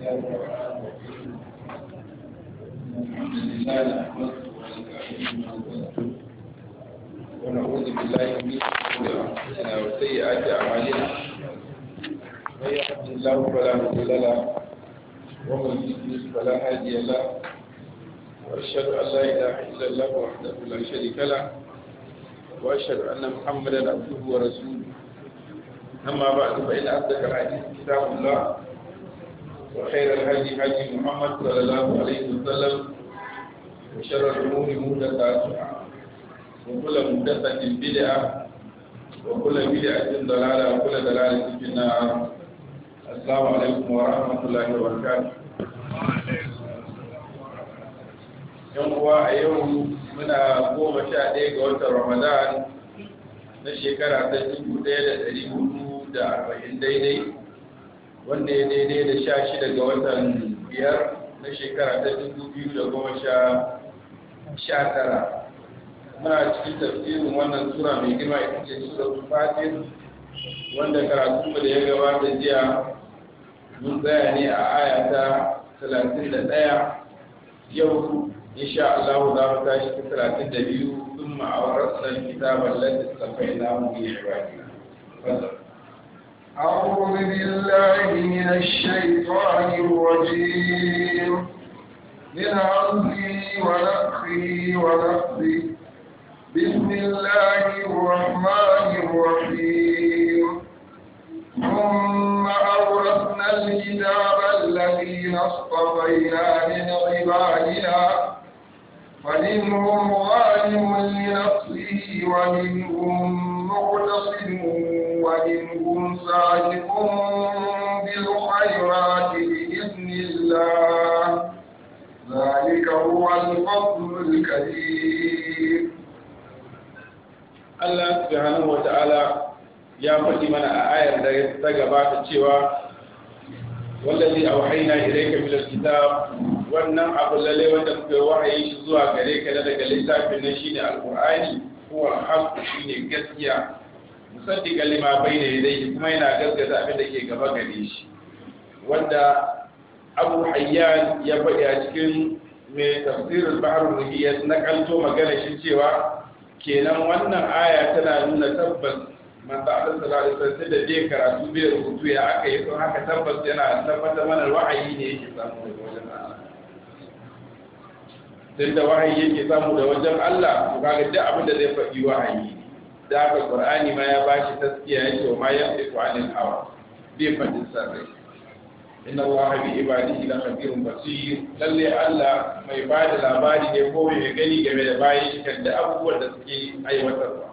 ونعوذ بالله من شرور انفسنا وسيئات اعمالنا من يهد الله فلا مضل له ومن يضلل فلا هادي له واشهد ان لا اله الا الله وحده لا شريك له واشهد ان محمدا عبده ورسوله اما بعد فان اصدق الحديث كتاب الله وخير الهدي هدي محمد صلى الله عليه وسلم وشر الأمور محدثاتها وكل محدثة بدعة وكل بدعة ضلالة وكل ضلالة في النار السلام عليكم ورحمة الله وبركاته yan uwa a yau muna goma sha ɗaya ga watan ramadan na shekara ta dubu ɗaya da ɗari hudu da arba'in daidai wanda ya daidai da sha shi daga watan biyar na shekara ta dubu biyu da goma sha tara muna cikin tafsirin wannan sura mai girma ita ce sura fatir wanda karatu da ya gabata jiya mun tsaya ne a aya ta talatin da ɗaya yau insha Allah za mu tashi ta talatin da biyu sun ma'aurar na kitabar lantarki bayyana mu biyu ibadina. أعوذ بالله من الشيطان الرجيم من عزه ونفخي ونفسي بسم الله الرحمن الرحيم ثم أورثنا الكتاب الذين اصطفينا من عبادنا فمنهم ظالم لنفسه ومنهم مقتصد وإنهم صادقون بالخيرات بإذن الله ذلك هو الفضل الكبير الله سبحانه وتعالى يا faɗi mana a ayar da ta gabata cewa wallazi auhayna wannan abu lalle wanda muka wahayi shi zuwa gare ka daga littafin shi ne alqur'ani huwa al shi ne gaskiya ga lima da yadayhi kuma yana gaggaza abin da ke gaba gare shi wanda Abu Hayyan ya faɗi a cikin mai tafsirin Bahrul Muhiyyat na kalto magana shi cewa kenan wannan aya tana nuna tabbas manzo Allah sallallahu alaihi wasallam da bai karatu bai rubutu ya aka yi to haka tabbas yana tabbatar mana wa'ayi ne yake samu daga wajen Allah tunda wahayi yake samu da wajen Allah to kaga duk abin da zai faɗi wahayi dafa qur'ani ma ya bashi taskiya yake ma ma yantiqu anil hawa bi fadin sarrai inna allaha bi ibadihi la khabirun basir lalle allah mai bada labari ne ko mai gani game da bayi kan da abubuwan da suke aiwatarwa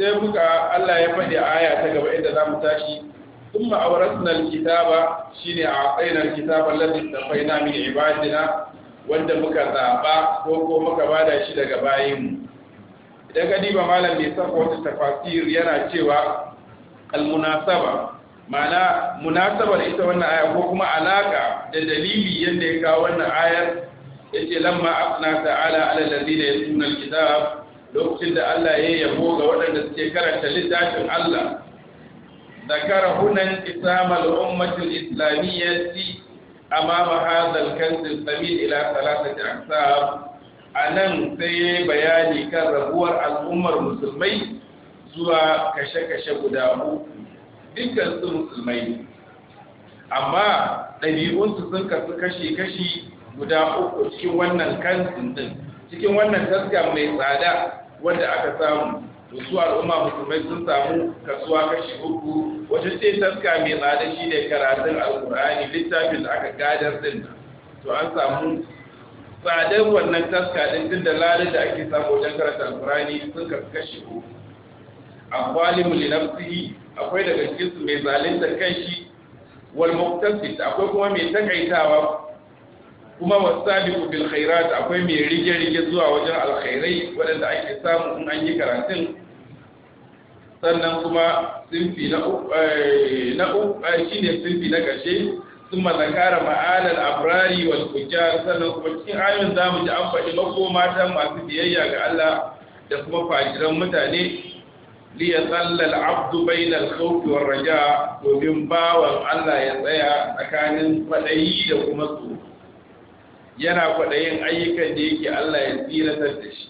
sai muka allah ya fadi aya ta gaba inda za mu tashi ثم أورثنا الكتاب شين أعطينا الكتاب wanda muka من ko muka مكذابا وكو shi daga bayinmu. idan ka diba malam mai saka wata tafasir yana cewa almunasaba ma'ana munasabar ita wannan aya ko kuma alaka da dalili yadda ya kawo wannan ayar yace lamma asna ta'ala ala ya yatuna kitab lokacin da Allah ya yabo ga waɗanda suke karanta littafin Allah ذكر هنا انقسام الأمة الإسلامية أمام هذا الكنز الثمين إلى ثلاثة أقسام a nan sai bayani kan rabuwar al'ummar musulmai zuwa kashe-kashe guda uku dukkan su musulmai amma ɗabi'unsu sun kasu kashi-kashi guda uku cikin wannan kansin din cikin wannan taska mai tsada wanda aka samu to su al'umma musulmai sun samu kasuwa kashi uku wata ce taska mai tsada shi ne karatun alkur'ani littafin da aka gadar din to an samu tsadar wannan taska ɗin duk da lalin da ake samu wajen karanta alkurani sun ka kashi ko a mu linafsihi akwai daga cikin su mai zalunta shi wal muktasid akwai kuma mai takaitawa kuma wasabiqu bil khairat akwai mai rige rige zuwa wajen alkhairai waɗanda ake samu in an yi karatun sannan kuma sinfi na uku eh, eh, shine sinfi na ƙarshe ثم ذكر معان الأبرار والفجار sannan kuma cikin ayoyin za mu ji an faɗi makomatan masu biyayya ga Allah da kuma fajiran mutane li ya tsallal abdu bayna al-khawfi war raja domin bawan Allah ya tsaya tsakanin kwaɗayi da kuma tsoro yana kwaɗayin ayyukan da yake Allah ya tsiratar da shi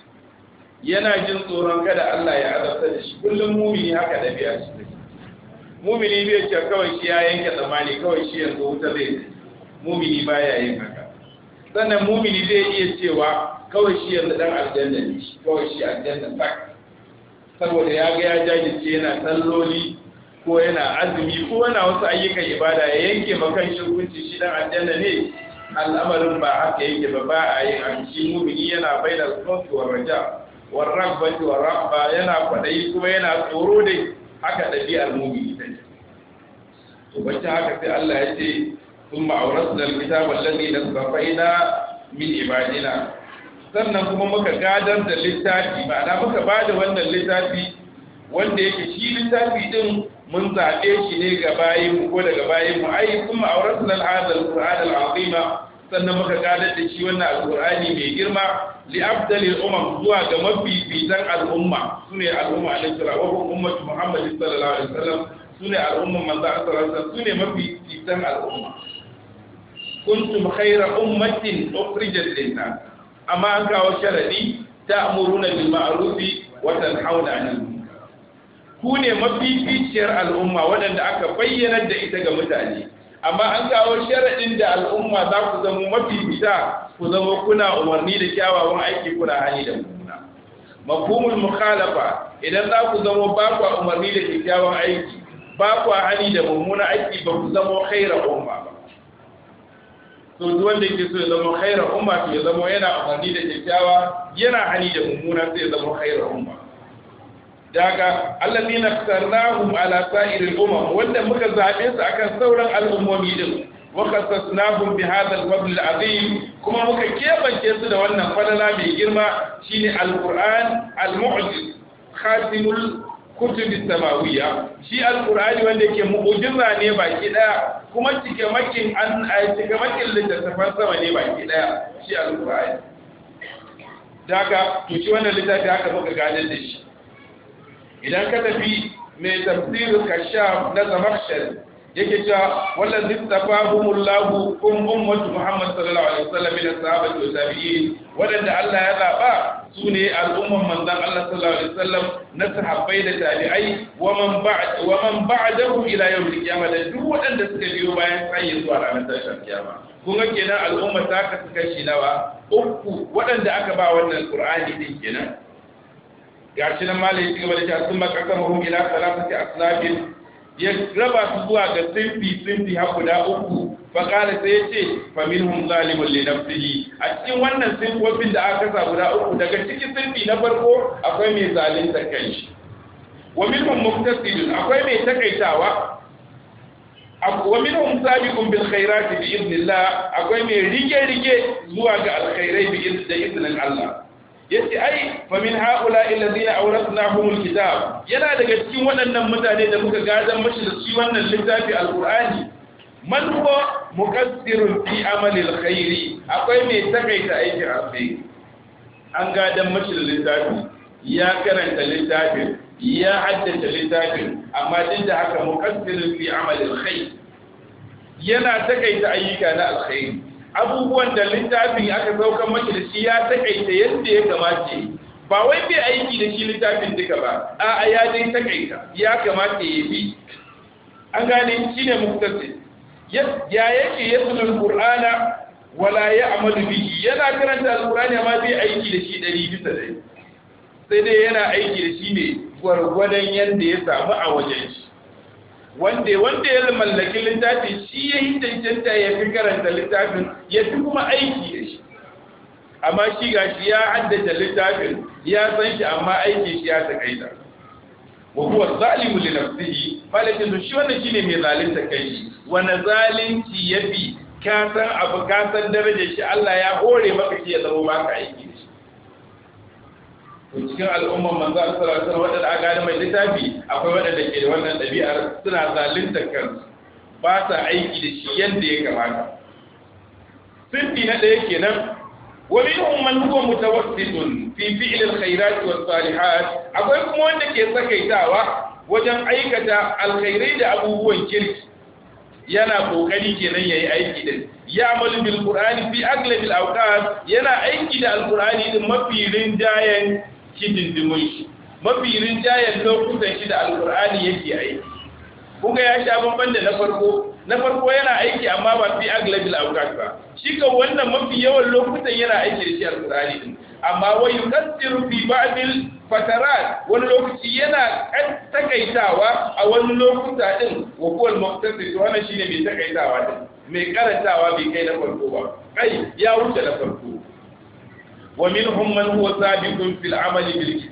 yana jin tsoron kada Allah ya azabta da shi kullum mumini haka da biya shi mumini bai ce kawai shi ya yanke tsammani kawai shi yanzu wuta zai mumini ya yin haka sannan mumini zai iya cewa kawai shi yanzu dan aljanna ne kawai shi aljanna tak saboda ya ga ya jajirce yana salloli ko yana azumi ko yana wasu ayyukan ibada ya yanke makan shirkunci shi dan aljanna ne al'amarin ba haka yake ba ba a yin amshi mumini yana da khawfi war raja war rabbati war rabba yana kwadayi kuma yana tsoro dai haka ɗabi'ar ita ce. to bacci haka sai Allah ya ce sun ma'auratun alkitaba lalli da na min ibadina sannan kuma muka gadar da littafi ma'ana muka ba da wannan littafi wanda yake shi littafi din mun zaɓe shi ne ga bayin ko daga bayin mu ai kuma da al'adar qur'an al'azima sannan muka gadar da shi wannan alkur'ani mai girma li abdalil umam zuwa ga mafi mafifitan al'umma sune al'umma alaihi salatu wa ummatu muhammad sallallahu alaihi wasallam sune al'umma manzo sallallahu alaihi wasallam mafi mafifitan al'umma kuntum khayra ummatin ukhrijat lin-nas amma an kawo sharadi ta'muruna bil ma'ruf wa tanhauna 'anil munkar ku ne mafificiyar al'umma wadanda aka bayyana da ita ga mutane amma an kawo sharaɗin da al'umma za ku zama mafi bisa ku zama kuna umarni da kyawawan aiki kuna hani da mummuna makumul mukhalafa idan za ku zama ba ku umarni da kyawawan aiki ba ku hani da mummuna aiki ba ku zama khaira umma ba to duk wanda yake so ya zama khaira umma to ya zama yana umarni da kyawawa yana hani da mummuna sai ya zama khaira umma daga allazina sarrahum ala al umam wanda muka zabe su akan sauran al'ummomi din wa qasasnahum bi hadha al-fadl al-azim kuma muka kebance su da wannan fadala mai girma shine al-Qur'an al-mu'jiz khatimul kutub samawiyya shi al quran wanda yake mu'jiza ne baki daya kuma cike makin an eh, cike makin littattafan sama ne baki daya shi al quran daga to shi wannan littafi haka muka gane da shi idan ka tafi mai tafsirin kashaf na zamakshari yake cewa wallan zai tafa humullahu kun ummatu muhammad sallallahu alaihi wasallam da sahabatu da tabi'in wadanda Allah ya zaba su ne al'umman manzon Allah sallallahu alaihi wasallam na sahabbai da tabi'ai wa man ba'd wa man ba'dahu ila yawm qiyamah da duk wadanda suka biyo bayan tsayin zuwa ranar tashin kiyama kun ga kenan al'umma ta kasu kashi nawa uku wadanda aka ba wannan qur'ani din kenan ga shi nan malai ya cigaba da cewa sun makasar hum ila salatati asnafin ya raba su zuwa ga simfi simfi har guda uku fa kala sai ya ce fa minhum zalimun li a cikin wannan simfofin da aka kasa guda uku daga cikin simfi na farko akwai mai zalunta kanshi wa minhum muktasidun akwai mai takaitawa wa minhum sabiqun bil khairati bi idnillah akwai mai rige rige zuwa ga alkhairai bi idnillah yace ai fa min haula alladhina awrathnahumul kitab yana daga cikin waɗannan mutane da muka gadan mashi da shi wannan littafi alqur'ani man huwa muqaddirun fi amali alkhairi akwai mai takaita a alkhairi an gadan mashi da littafi ya karanta littafin ya haddace littafin amma duk da haka muqaddirun fi amali alkhairi yana takaita ayyuka na alkhairi abubuwan da littafin aka saukan maki da shi ya takaita yadda ya kamace ba wai bai aiki da shi littafin duka ba a'a ya dai takaita ya kamace ya bi an gane shi ne muktasir ya yake ya sunan qur'ana wala ya amalu bihi yana karanta alqur'ani amma bai aiki da shi dari bisa dai sai dai yana aiki da shi ne gwargwadon yadda ya samu a wajen shi wanda wanda ya mallaki littafi shi ya yi cancanta ya fi karanta littafin ya fi kuma aiki da shi amma shi ga shi ya haddace littafin ya san shi amma aiki shi ya da wa huwa zalimu li nafsihi malakin to shi wannan shine mai zalunta kai shi wani zalunci yafi ka san abu ka san darajar shi Allah ya hore maka shi ya zama maka aiki to cikin al'ummar manzo a sallallahu alaihi wasallam a aka gane mai littafi akwai waɗanda ke da wannan ɗabi'ar suna zalunta kansu ba sa aiki da shi yadda ya kamata sirri na ɗaya kenan ومنهم من ta fi في فعل الخيرات والصالحات akwai kuma wanda ke sakaitawa wajen aikata alkhairai da abubuwan kirki yana kokari kenan yayi aiki din ya amalu bil qur'ani fi aglabil awqat yana aiki da alqur'ani din mafi rinjayen kididdimin shi mafi rinjayen lokutan shi da alkur'ani yake aiki Buga ya sha bamban da na farko na farko yana aiki amma ba fi aglabil awqat ba shi ka wannan mafi yawan lokutan yana aiki da shi alkur'ani din amma wa yuqaddiru fi ba'dil fatarat wani lokaci yana takaitawa a wani lokuta din wa kuwal to wannan shine mai takaitawa din mai karantawa bai kai na farko ba kai ya wuce na farko wa minhum man huwa sabiqun fil amali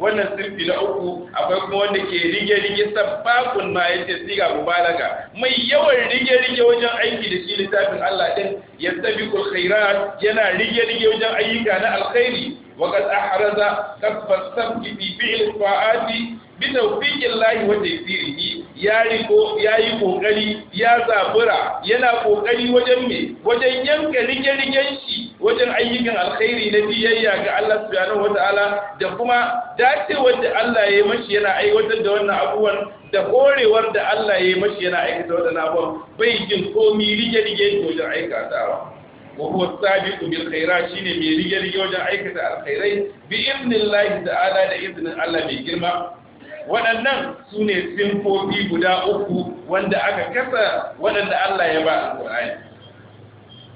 wannan sirfi uku akwai kuma wanda ke rige rige sabaqun ma yace siga mubalaga mai yawan rige rige wajen aiki da shi littafin Allah din yastabiqul khairat yana rige rige wajen ayyuka na alkhairi wa qad ahraza kaffas sabqi fi bi fikin lahi wa taysirihi ya riko ya yi kokari ya zabura yana kokari wajen me wajen yanka rike-riken shi wajen ayyukan alkhairi na biyayya ga Allah subhanahu wataala da kuma dacewar da Allah ya yi mashi yana aiwatar da wannan abubuwan da korewar da Allah ya yi mashi yana aikata wannan abubuwan bai jin komi rike-rike wajen aikatawa وهو السابق بالخيرات wajen aikata alkhairai bi idnillahi ta'ala da تعالى Allah mai girma. waɗannan su ne simfofi guda uku wanda aka kasa waɗanda Allah ya ba alƙur'ani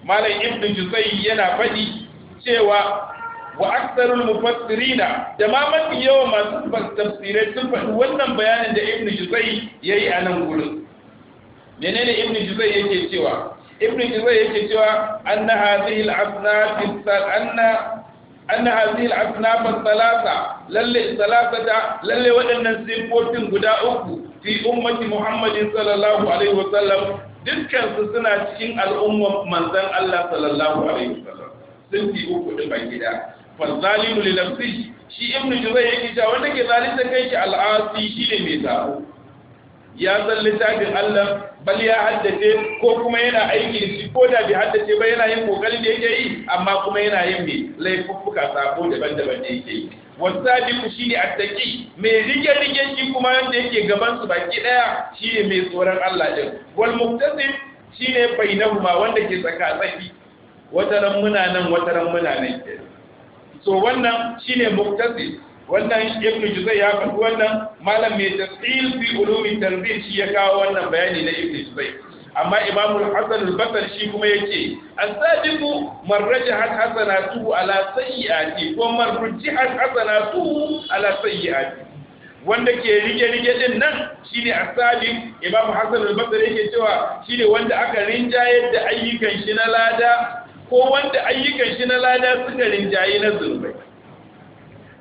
malam Ibnu juzai yana faɗi cewa wa aktsarul mufassirina da ma mafi yawa masu tafsirai sun faɗi wannan bayanin da ibn juzai yayi a nan gurin menene ibn juzai yake cewa ibn juzai yake cewa anna hadhihi al-asnaf anna أن هذه الأصناف الثلاثة للي ثلاثة للي وإن سيقوتين قد أكو في أمة محمد صلى الله عليه وسلم dukkan su suna cikin al'umma manzan Allah sallallahu alaihi wasallam sun fi uku din ban gida fa zalimu li nafsihi shi ibnu juzay yake wanda ke zalunta kai shi al'asi shine mai sabo ya san littafin Allah bal ya haddace ko kuma yana aiki da shi ko da bai haddace ba yana yin kokarin da yake yi amma kuma yana yin mai laifuffuka sako daban-daban da yake yi shi ne attaki mai rike rike shi kuma wanda yake gaban su baki daya shine mai tsoron Allah din wal ne shine bainahuma wanda ke tsaka tsaki wataran muna nan wataran muna nan so wannan shine muktasim wannan ibn juzai ya faɗi wannan malam mai tafsir fi ulumi tanzil shi ya kawo wannan bayani na ibn juzai amma imam al-hasan al-basri shi kuma yake as-sadiqu man rajaha hasanatuhu ala sayyi'ati ko man rujiha hasanatuhu ala sayyi'ati wanda ke rige rige din nan shine as-sadiq imam hasan al-basri yake cewa shine wanda aka rinjaye da ayyukan shi na lada ko wanda ayyukan shi na lada suka rinjaye na zurbai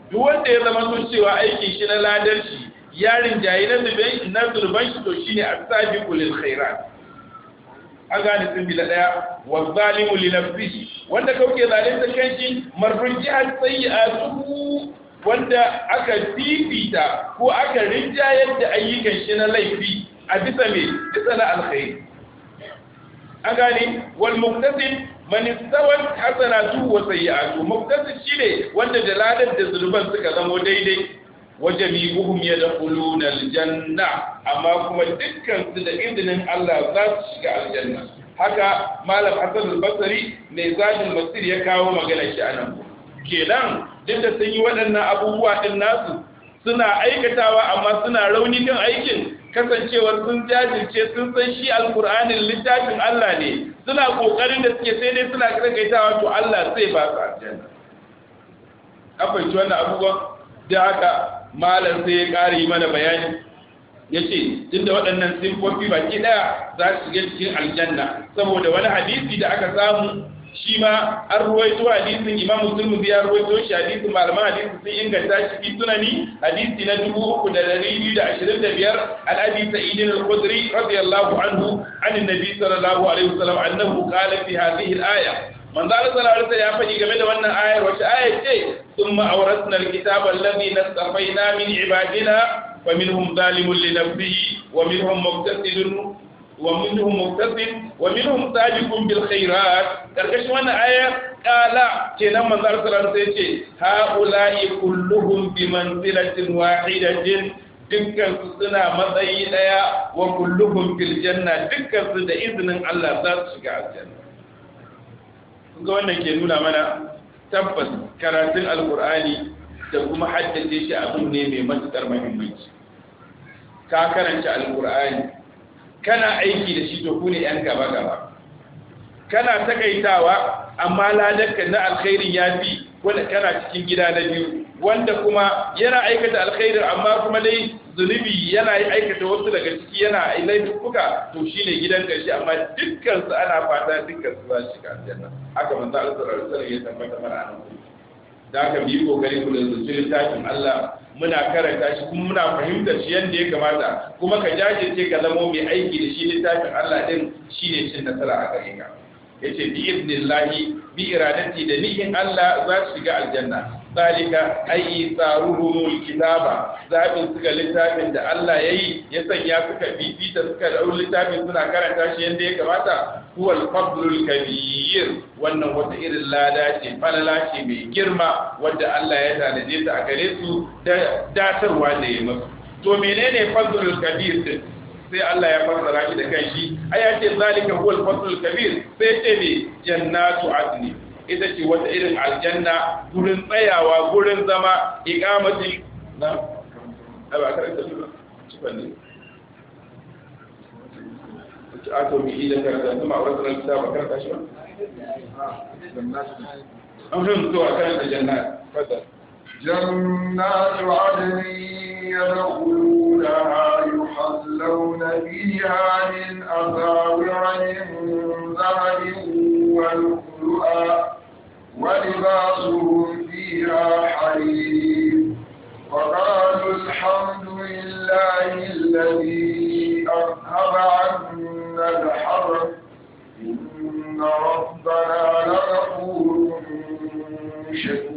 duk wanda ya zama sun cewa aikin shi na ladarci ya rinjaye na zulban shi to shi ne a sabiqu lil khaira an gane sun bila daya wa zalimu li nafsihi wanda kauke zalunta kanshi a sayyi'atuhu wanda aka fifita ko aka rinjayar da ayyukan shi na laifi a bisa me bisa na alkhairi an gane wal muktasib man istawal hasanatu wa sayyi'atu mubtasi shine wanda da da zunuban suka zamo daidai wa jami'uhum yadkhuluna aljanna amma kuma dukkan su da izinin Allah za su shiga aljanna haka malam Hassan al mai zadin masir ya kawo magana shi anan kenan duk da sun yi waɗannan abubuwa din nasu suna aikatawa amma suna rauni kan aikin kasancewar sun jajirce sun san shi alkur'anin littafin Allah ne suna kokarin da suke sai dai suna karkaitawa to Allah zai ba su aljanna fahimci wannan abubuwan da haka malam sai ya ƙara yi mana bayani ya ce tunda waɗannan simfofi baki ɗaya za su shiga cikin aljanna saboda wani hadisi da aka samu shi ma an ruwaito hadisin imam muslim ya ruwaito shi hadisin malaman hadisin sun inganta shi fi sunani hadisi na dubu uku da dari biyu da ashirin da biyar an abi sa'idin al-khudri radiyallahu anhu an annabi sallallahu alaihi wasallam annahu qala fi hadhihi al-aya manzo Allah sallallahu alaihi ya faɗi game da wannan ayar wace aya ce thumma awrasna al-kitaba alladhi nastafaina min ibadina wa minhum zalimun li nafsihi wa minhum muqtasidun wa minhum muqtasim wa minhum sabiqun bil khairat karkashin wannan aya kala kenan manzo ce haula'i kulluhum bi manzilatin wahidatin dukkan su suna matsayi daya wa kulluhum fil janna dukkan su da izinin Allah za su shiga aljanna ga wannan ke nuna mana tabbas karatun alqur'ani da kuma haddace shi abu ne mai matuƙar muhimmanci ka karanta alqur'ani kana aiki da shi to ku ne yan gaba gaba kana takaitawa amma ladarka na alkhairin ya fi wanda kana cikin gida na biyu wanda kuma yana aikata alkhairin amma kuma dai zunubi yana aikata wasu daga ciki yana laifuka to shi ne gidan karshe amma dukkan su ana fata dukkan su za shi shiga aljanna haka manzo ya tabbata mana anan da aka bi kokari ku da tashin Allah muna karanta shi kuma muna fahimtar shi yadda ya kamata kuma ka jajirce ka zamo mai aiki da shi littafin Allah din shine cin nasara a gare ka yace bi idnillahi bi iradati da nihin Allah za su shiga aljanna zalika ayi tsaruhum kitaba zabin suka littafin da Allah yayi ya sanya suka bibita suka da littafin suna karanta shi yadda ya kamata huwa alfadlul kabir wannan wata irin lada ce falala ce mai girma wanda Allah ya tanaje ta a gare su da datarwa da ya musu to menene fadlul kabir din sai Allah ya fassara shi da kanshi a yace zalika huwa alfadlul kabir sai ce ne jannatu adni ita ce wata irin aljanna gurin tsayawa gurin zama ikamati na ba karanta ba cikin ne ato mi ila karanta kuma ranta kitaba karanta shi ba an fahimta karanta jannat fadal جنات عدن يدخلونها يحلون فيها من أساور من ذهب ولؤلؤا ولباسهم فيها حرير وقالوا الحمد لله الذي أذهب عنا الحرب إن ربنا لغفور شكور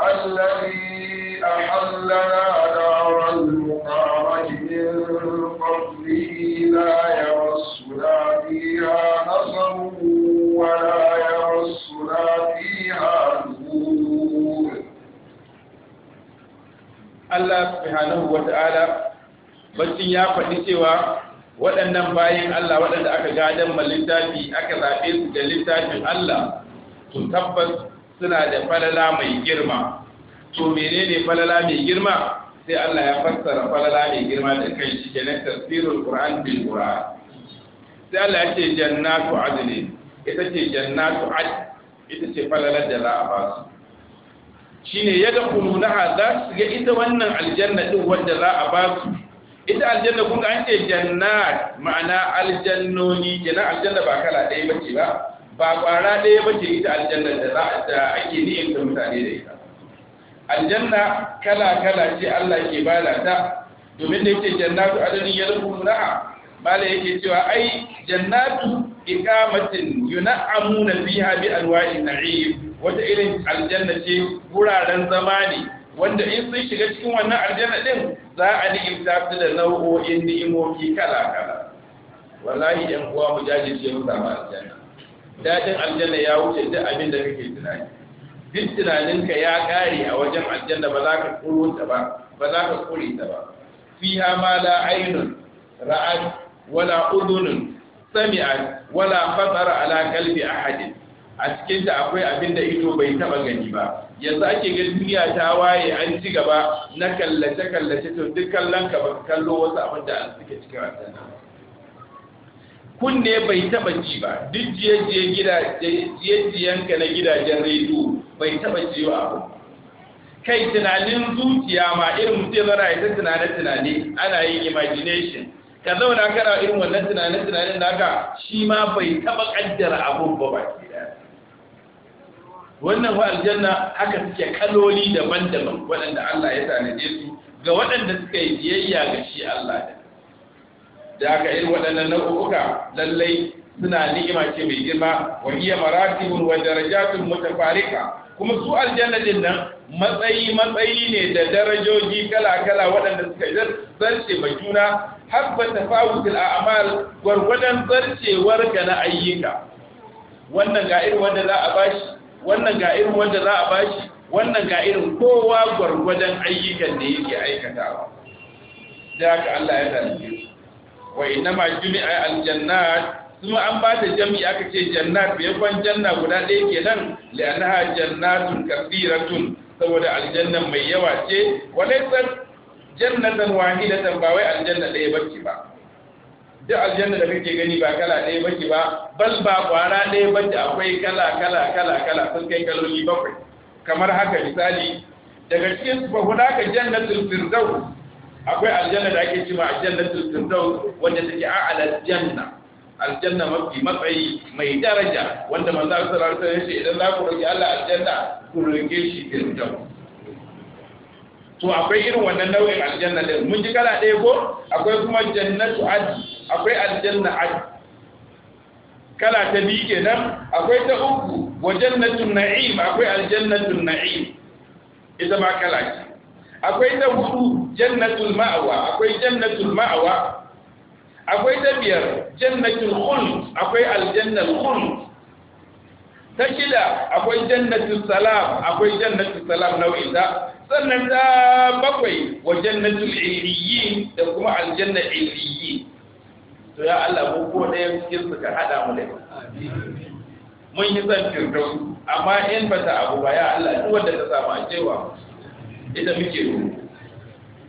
الذي أحلنا دار المقامة من قبله لا يمسنا فيها نصب ولا يمسنا فيها نور الله سبحانه وتعالى bacin ya faɗi cewa waɗannan bayan Allah waɗanda aka gadon ma littafi aka zaɓe su da littafin Allah to tabbas suna da falala mai girma to menene falala mai girma sai Allah ya fassara falala mai girma da kai shi kenan tafsirul qur'an bil qur'an sai Allah ya ce jannatu adli ita ce jannatu adli ita ce falalar da za a ba su shine ya ga kulunaha za su ga ita wannan aljanna din wanda za a ba su ita aljanna kun ga an ce jannat ma'ana aljannoni kenan aljanna ba kala ɗaya bace ba ba kwara ɗaya ba ce ita aljanna da za da ake ni'in ta mutane da ita aljanna kala kala ce Allah ke bada ta domin da yake jannatu adadin yadkhulunaha mala yake cewa ai jannatu iqamatin yun'amuna fiha bi alwa'i na'im wata irin aljanna ce guraren zama ne wanda in sun shiga cikin wannan aljanna din za a ni'imta su da nau'o'in ni'imoki kala kala wallahi yan uwa mu jajirce mu aljanna dadin aljanna ya wuce duk abin da kake tunani duk tunaninka ya kare a wajen aljanna ba za ka kuro ta ba ba za ka kure ta ba fiha ma la aynun ra'at wala udunun sami'at wala fatar ala kalbi ahadin a cikin ta akwai abin da ido bai taba gani ba yanzu ake ga duniya ta waye an ci gaba na kallace kallace to duk kallon ka ba kallo wasu abin da suke cikin aljanna kunne bai taba ji ba duk ka na gidajen rediyo bai taba ji ba abu kai tunanin zuciya ma irin mutum zara ya tunane-tunane ana yin imagination ka zauna kana irin wannan tunane da ka shi ma bai taba kaddara abun ba ba wannan aljanna haka suke kaloli daban-daban waɗanda Allah ya tanade su ga waɗanda suka yi biyayya ga shi Allah da da aka irin waɗannan nau'uka lallai suna ni'ima ce mai girma wa iya maratibun wa darajatun mutafarika kuma su aljannatin nan matsayi matsayi ne da darajoji kala kala waɗanda suka zarce ma juna har ba tafawutul a'mal gwargwadon zarcewar ka na ayyuka wannan ga irin wanda za a bashi wannan ga irin wanda za a bashi wannan ga irin kowa gwargwadon ayyukan da yake aikatawa da haka Allah ya zalunce su wa ma jumi'a al-jannat kuma an ba ta jami'a aka ce jannat bai kwan janna guda ɗaya kenan li'annaha jannatun kathiratun saboda aljanna mai yawa ce walaysat jannatan wahidatan ba wai aljanna ɗaya bace ba duk aljanna da kake gani ba kala ɗaya bace ba bal ba kwara ɗaya bace akwai kala kala kala kala sun kai kaloli bakwai kamar haka misali daga cikin ba hudaka jannatul firdaus akwai aljanna da ake cewa aljannatul firdaus wanda take a'la janna aljanna mafi matsayi mai daraja wanda manzo Allah sallallahu alaihi wasallam idan za ku roki Allah aljanna ku roke shi firdaus to akwai irin wannan nau'in aljanna din mun ji kala ɗaya ko akwai kuma jannatu ad akwai aljanna ad kala ta biyu kenan akwai ta uku wa jannatun na'im akwai aljannatu na'im ita ba kala ce akwai ta hudu jannatul ma'awa akwai jannatul ma'awa akwai ta biyar jannatul khuld akwai aljannatul khuld ta shida akwai jannatul salam akwai jannatul salam nau'in ta sannan ta bakwai wa jannatul illiyin da kuma aljanna illiyin to ya Allah mu ko ɗaya cikin su ka hada mu da mun yi zan firdausi amma in bata abu ba ya Allah duk wanda ta samu a cewa ita muke ruru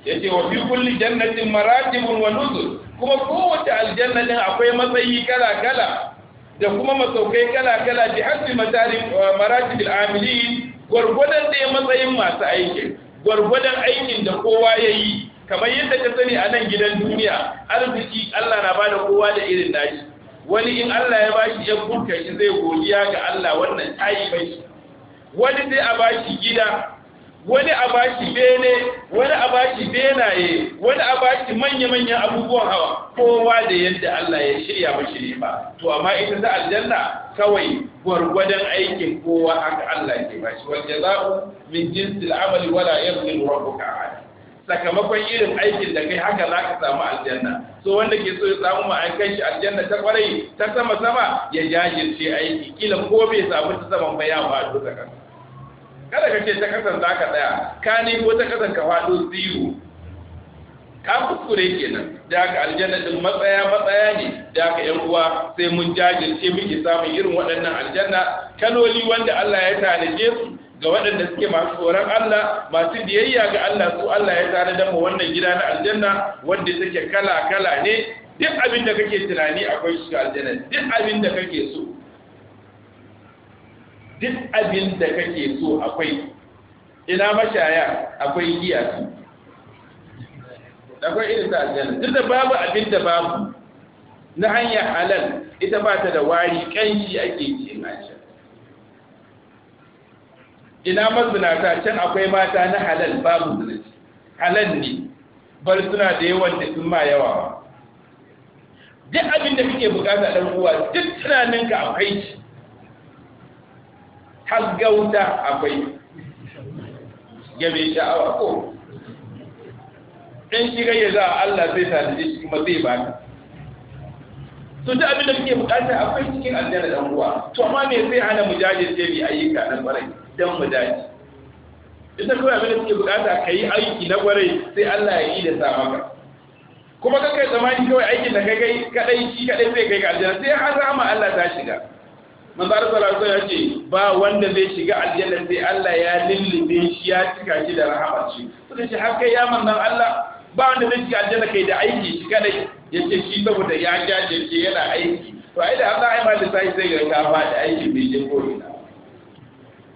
ya ce wa fi kulli jannatin maratibun wa nuzul kuma kowace aljannatin akwai matsayi kala kala da kuma masaukai kala kala bi hasbi matarin eh, maratibil amilin gwargwadon da matsayin masu aikin gwargwadon aikin da kowa ya yi kamar yadda ka sani a nan gidan duniya arziki Allah na bada kowa da irin nashi wani in Allah ya bashi ya burka shi zai godiya ga Allah wannan tayi bai wani zai a bashi gida wani a bashi bene wani a bashi benaye wani a bashi manya-manyan abubuwan hawa kowa da yadda Allah ya shirya mashi ne ba to amma ita ta aljanna kawai gwargwadon aikin kowa haka Allah ke bashi wal ku min jinsi amali wala yadhlim rabbuka ahad sakamakon irin aikin da kai haka za ka samu aljanna so wanda ke so ya samu ma'aikai shi aljanna ta kwarai ta sama sama ya jajirce aiki kila ko bai samu ta saman ba ya faɗo ta kada ka ce ta kasan za ka tsaya ka ne ko ta kasan ka faɗo zero ka kuskure kenan da aka aljanna din matsaya matsaya ne da aka yan uwa sai mun jajirce muke samun irin waɗannan aljanna kaloli wanda Allah ya tanaje su ga waɗanda suke masu tsoron Allah masu biyayya ga Allah su Allah ya tanadar mu wannan gida na aljanna wanda take kala kala ne duk abin da kake tunani akwai shi aljanna duk abin da kake so duk abin da kake so akwai ina mashaya akwai giya su akwai irin ta aljanna duk da babu abin da babu na hanyar halal ita ba ta da wari kanshi ake ji a sha ina mazunata can akwai mata na halal babu zunaci halal ne bar suna da yawan da sun ma yawa duk abin da kake bukata ɗan uwa duk tunaninka akwai shi har akwai gabe sha'awa ko in shi ya za Allah zai tanadi shi kuma zai ba to duk abin da kuke bukata akwai cikin aljanna dan ruwa to amma me zai hana mu zai bi ayyuka na kwarai dan mu dace ita kawai abin da kuke bukata ka yi aiki na kwarai sai Allah ya yi da sa maka kuma ka kai tsamani kawai aikin da kai kai kadai shi kadai zai kai ka aljanna sai har rama Allah ta shiga manzo da sallallahu ya ce ba wanda zai shiga aljanna sai Allah ya lullube shi ya cika shi da rahama shi sai shi haka ya manzon Allah ba wanda zai shiga aljanna kai da aiki shi kadai yace shi da ya shi yana aiki to ai da Allah ai ma da sai sai ga ka da aiki bai je ko ina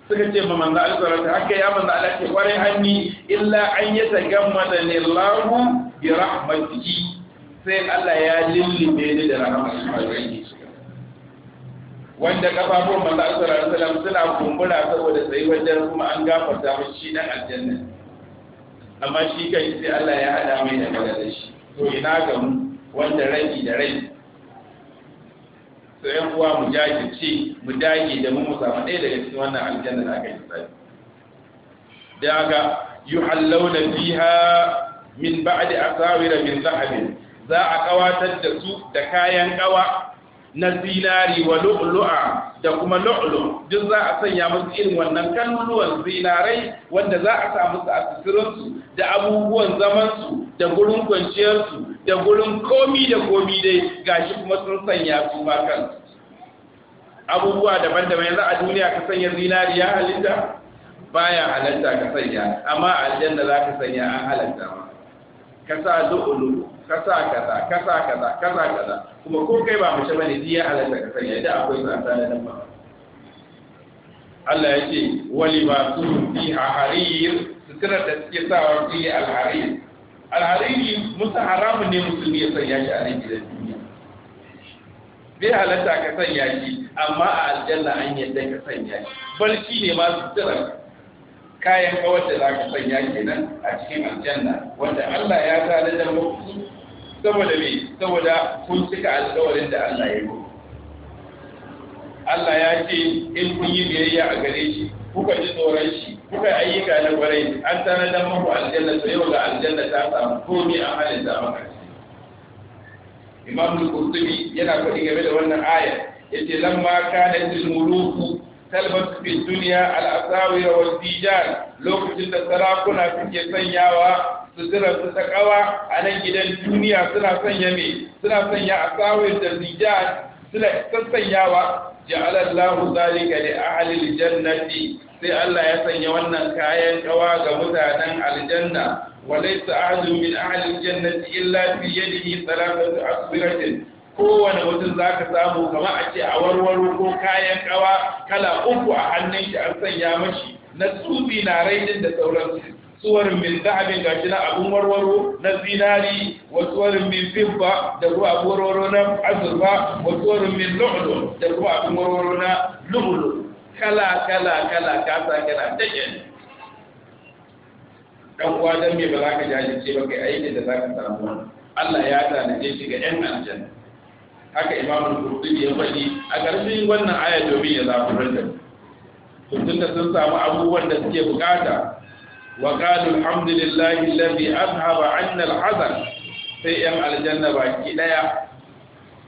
suka ce ma da Allah sallallahu alaihi haka ya manzo Allah ce kware hanni illa an yatagammada ne Allahu bi rahmatihi sai Allah ya lullube ni da rahmatihi wanda kafafun manzo sallallahu alaihi wasallam suna kumbura saboda sai dare kuma an gafarta mu shi dan aljanna amma shi kai sai Allah ya hada mai da magana shi to ina ga mu wanda rai da rai sai uwa mu jajirce mu dage da mu mu samu ɗaya daga cikin wannan aljanna da aka yi tsari da aka yuhallawna fiha min ba'di asawira min zahabin za a kawatar da su da kayan kawa na zinari wa lu'lu'a da kuma lu'lu duk za a sanya musu irin wannan kalluwan zinarai wanda za a sa musu a su da abubuwan zamansu, su da gurin kwanciyar da gurin komi da komi dai gashi kuma sun sanya su ma kansu abubuwa daban-daban yanzu a duniya ka sanya zinari ya halitta baya halitta ka sanya amma aljanna za ka sanya an halitta. ma Kasa sa lu'ulu kasa sa kaza kasa sa kaza kaza kuma ko kai ba mace bane ya halatta ka sanya da akwai tsada da nan Allah ya ce wali ba su fi harir sutura da suke sawa fi alharir alhariri musu haramu ne musulmi ya sanya shi a nan gidan duniya bai halatta ka sanya shi amma a aljanna an yadda ka sanya shi balki ne ma sutura kayan kawar da za ka sanya kenan a cikin aljanna wanda Allah ya tare da mu saboda me saboda kun cika alƙawarin da Allah ya yi Allah ya ce in kun yi biyayya a gare shi kuka ji tsoron shi kuka ayyuka na gwarai an tare da maku aljanna to yau ga aljanna ta samu komi a halin da maka Imam Al-Qurtubi yana faɗi game da wannan aya yace lamma kana al talbat fi duniya al'asawira wal dijal lokacin da sarakuna suke sanyawa su zira su takawa a nan gidan duniya suna sanya me suna sanya asawir da dijal suna sanyawa ja'ala Allahu zalika li ahli jannati sai Allah ya sanya wannan kayan kawa ga mutanen aljanna wa laysa ahadun min ahli jannati illa bi yadihi thalathatu asbiratin kowane mutum za ka samu kama a ce a warwaro ko kayan kawa kala uku a hannun shi an sanya mashi na tsubi na raidin da sauransu suwarin min zahabin gashi na abun warwaro na zinari wa suwarin min fibba da kuma abun warwaro na azurfa wa suwarin min lu'lu da kuma abun warwaro na lu'lu kala kala kala kasa kala dajen dan uwa dan me ba za ka jajirce ba kai aiki da za ka samu Allah ya tanaje shi ga 'yan aljanna haka imamul qurtubi ya faɗi a ƙarfin wannan aya domin ya zafurar da to tunda sun samu abubuwan da suke bukata wa qalu alhamdulillahi alladhi azhaba 'anna al-hazan sai yan aljanna baki daya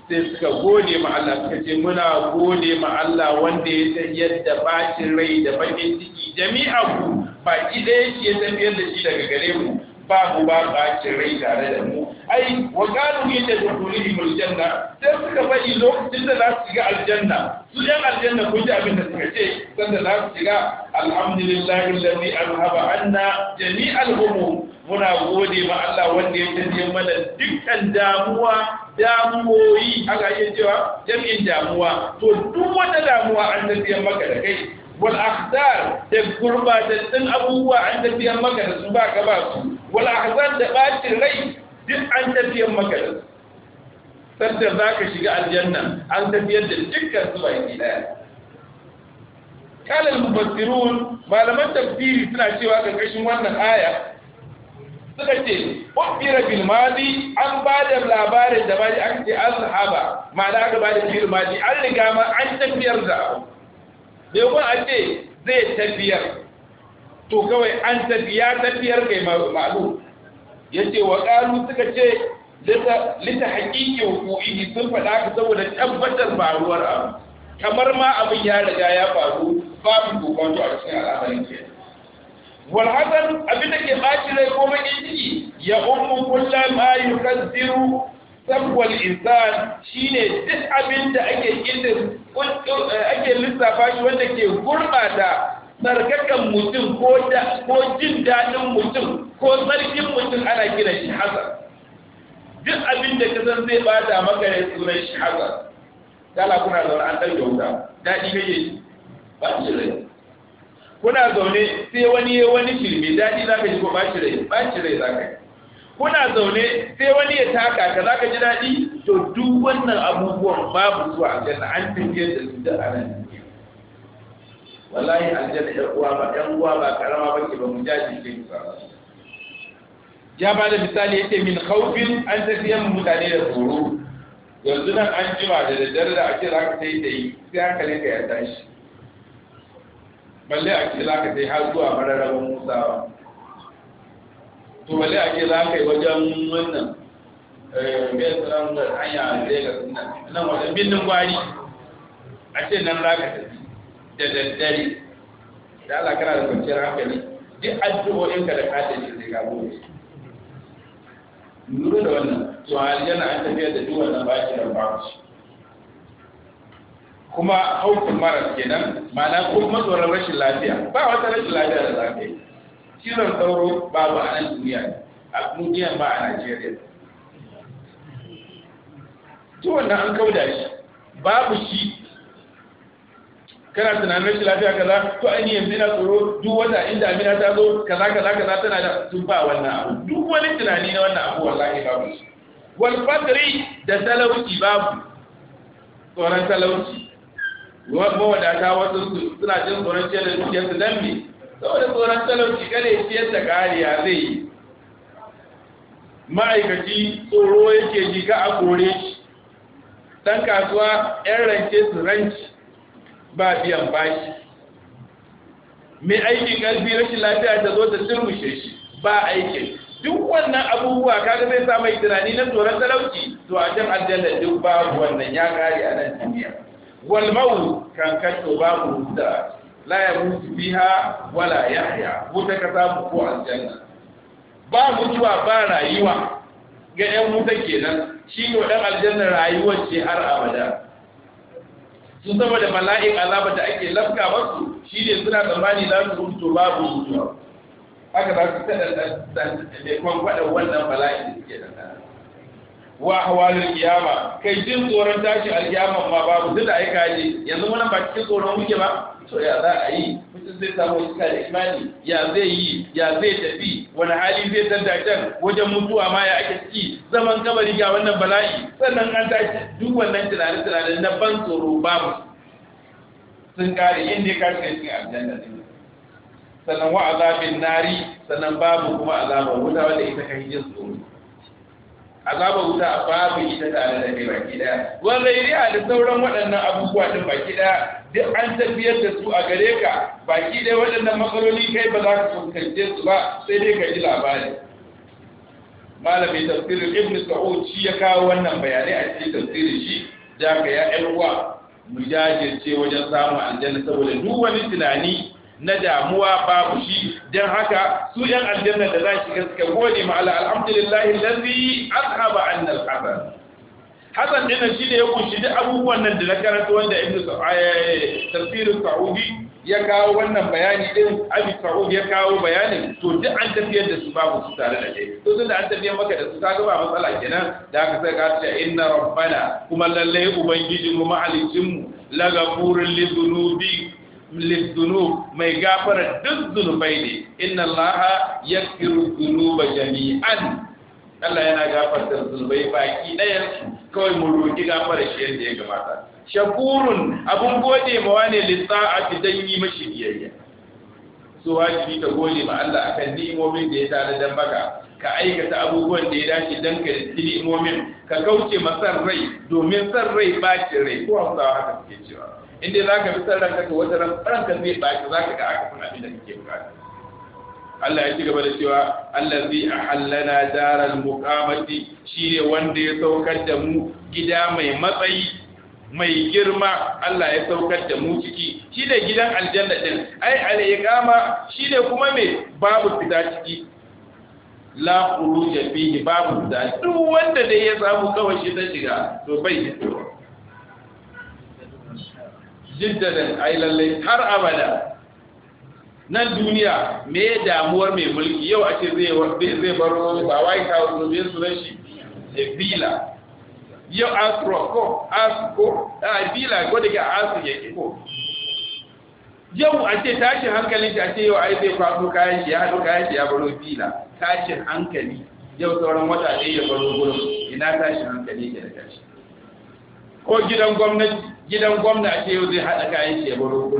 sai suka gode ma Allah suka ce muna gode ma Allah wanda ya san yadda bacin rai da bakin ciki jami'a ku baki daya yake tafiyar da shi daga gare mu ba mu ba bacin rai tare da mu ai wa kanu inda dukhulihim aljanna sai suka bari lokacin da za su shiga aljanna su yan aljanna kun ji abin da suka ce sanda za su shiga alhamdulillahi alladhi alhaba anna jami'al humum muna gode ma Allah wanda ya tace mana dukkan damuwa damuwoyi aka yi cewa jami'in damuwa to duk wata damuwa an tafiya maka da kai wal akhdar da gurbatattun abubuwa an tafiya maka da su ba ka ba su wal akhdar da bacin rai duk an tafiyar maka da sadda za ka shiga aljanna an tafiyar da dukkan zuwa yi daya kalal mufassirun malaman tafsiri suna cewa karkashin wannan aya suka ce ubira bil an ba da labarin da bai an ce ma ma'ana aka ba da bil madi an riga ma an tafiyar da abu bai kuma a ce zai tafiyar to kawai an tafiya tafiyar kai ma'alu yace wa qalu suka ce lita haqiqi idi sun faɗa ka saboda tabbatar faruwar abu kamar ma abin ya riga ya faru babu kokonto a cikin al'amarin ke wal hadan abin da ke baci rai ko bakin ciki ya ummu kullu ma yukaddiru sabwal insan shine duk abin da ake ake lissafa shi wanda ke gurbata tsarkakan mutum ko jin daɗin mutum ko tsarkin mutum ana gina shi hasan duk abin da ka san zai bada maka ne sunan shi hasan dala kuna zaune an ɗan wuta daɗi kake shi ba shi rai kuna zaune sai wani ya wani shirme daɗi za ka ji ko ba shi rai ba shi rai za ka yi kuna zaune sai wani ya taka ka za ka ji daɗi to duk wannan abubuwan babu zuwa aljanna an tafiyar da su da yi wallahi aljanna yar uwa ba yan uwa ba karama bace ba mu jaji ke ba ya ba da misali yace min khawfin an tafiya mu mutane da tsoro yanzu nan an jima da daddare da ake za ka sai da yi sai hankalin ka ya tashi balle ake za ka sai har zuwa mararraban musawa to balle ake za ka yi wajen wannan eh, mai tsaron hanya a zai ga nan wajen birnin gwari a ce nan za ka sai da daddare da Allah kana da kwanciyar hankali duk addu'o'inka da ka dace sai ka gobe lura da wannan to aljanna an tafiya da duk wannan baki da babu kuma haukun maras kenan ma'ana ko matsoron rashin lafiya ba wata rashin lafiya da za ka yi cizon sauro babu a nan duniya a duniya ba a Najeriya to wannan an kauda shi babu shi kana tunanin shi lafiya kaza to ai yanzu ina tsoro duk wata inda Amina ta zo kaza kaza kaza tana da duk ba wannan abu duk wani tunani na wannan abu wallahi babu wal fadri da talauci babu tsoron talauci mawadata wasu suna jin tsoron ce da dukiyar su dan saboda tsoron talauci kare shi da kariya zai yi ma'aikaci tsoro yake ji ka a kore shi dan kasuwa yan rance su ranci ba biyan bashi mai aikin ƙarfi rashin lafiya ta zo ta turmushe shi ba aikin duk wannan abubuwa kaga zai sa mai tunani na tsoron talauci to a can aljanna duk babu wannan ya kare a nan duniya wal mawu kan kato babu da la ya mutu biha wala yahya wuta ka samu ko aljanna ba mutuwa ba rayuwa ga yan wuta kenan shi ne ɗan aljanna rayuwar ce har abada su saboda mala'in azaba da ake lafka masu shi ne suna tsammani za su mutu babu mutuwa haka za su tada da kwankwaɗa wannan mala'in da suke da wa ahwalul qiyama kai jin tsoron tashi alkiyama ma babu duk da ai kaje yanzu muna ba cikin tsoron muke ba to ya za a yi mutum zai samu iska da imani ya zai yi ya zai tafi wani hali zai tanda can wajen mutuwa ma ya ake ciki zaman kabari ga wannan bala'i sannan an tashi duk wannan tunanin tunanin na ban tsoro babu sun kare inda ya kashe cikin aljanna ne sannan wa azabin nari sannan babu kuma azabar wuta wanda ita kan jin tsoro azabar wuta babu ita da da ne baki daya wa ghairiha da sauran waɗannan abubuwa din baki daya duk an tafiyar da su a gare ka baki daya waɗannan matsaloli kai ba za ka fuskance su ba sai dai ka ji labari malamin tafsirin ibn sa'ud shi ya kawo wannan bayanai a cikin tafsirin shi da ka ya ƴan uwa mu jajirce wajen samun aljanna saboda duk wani tunani na damuwa babu shi Don haka su yan aljanna da za shiga suka gode ma Allah alhamdulillahi allazi azhaba anna al-hazan hazan din shi ne ya kunshi duk abubuwan nan da na karanta wanda ibnu eh, tafsir saudi ya kawo wannan bayani din abi saudi ya kawo bayanin to duk an tafiyar da su babu su tare da kai to tunda an tafiyar maka da su kaga ba matsala kenan da aka sai ka ce inna rabbana kuma lalle ubangijinmu ma'alicin mu lagafurin lidunubi للذنوب ما يغفر الذنوب إن الله يغفر الذنوب جميعا Allah yana gafarta zunubai baki ɗaya. kawai mu roki gafara shi da ya gabata shakurun abun gode mawa ne lissa'ati dan yi mashi biyayya so wajibi ka gode ma Allah akan ni'imomin da ya tare dan baka ka aikata abubuwan da ya dace dan ka ni'imomin ka kauce ma san rai domin san rai bacin rai ko hausawa haka suke cewa in dai zaka bi san ranka wata ran ranka zai baki zaka ga aka kuna abin da kake bukata Allah ya ci gaba da cewa allazi ahallana daral muqamati shine wanda ya saukar da mu gida mai matsayi mai girma Allah ya saukar da mu ciki shi ne gidan aljanna din ai ya kama, shi ne kuma me babu fita ciki la khuruja fihi babu fita duk wanda dai ya samu kawai shi ta shiga to bai jiddadan ai lalle har abada nan duniya me damuwar mai mulki yau a ce zai zai baro ba ta house ne sunan shi e bila yau astro ko astro a bila ko da ke astro yake ko yau a ce tashin hankali ta ce yau ai zai kwaso kayan shi ya haɗo kayan shi ya baro bila tashin hankali yau sauran wata ɗaya ya baro gurin ina tashin hankali ke da tashi ko gidan gwamnati gidan gwamna a ce yau zai haɗa kayan shi ya baro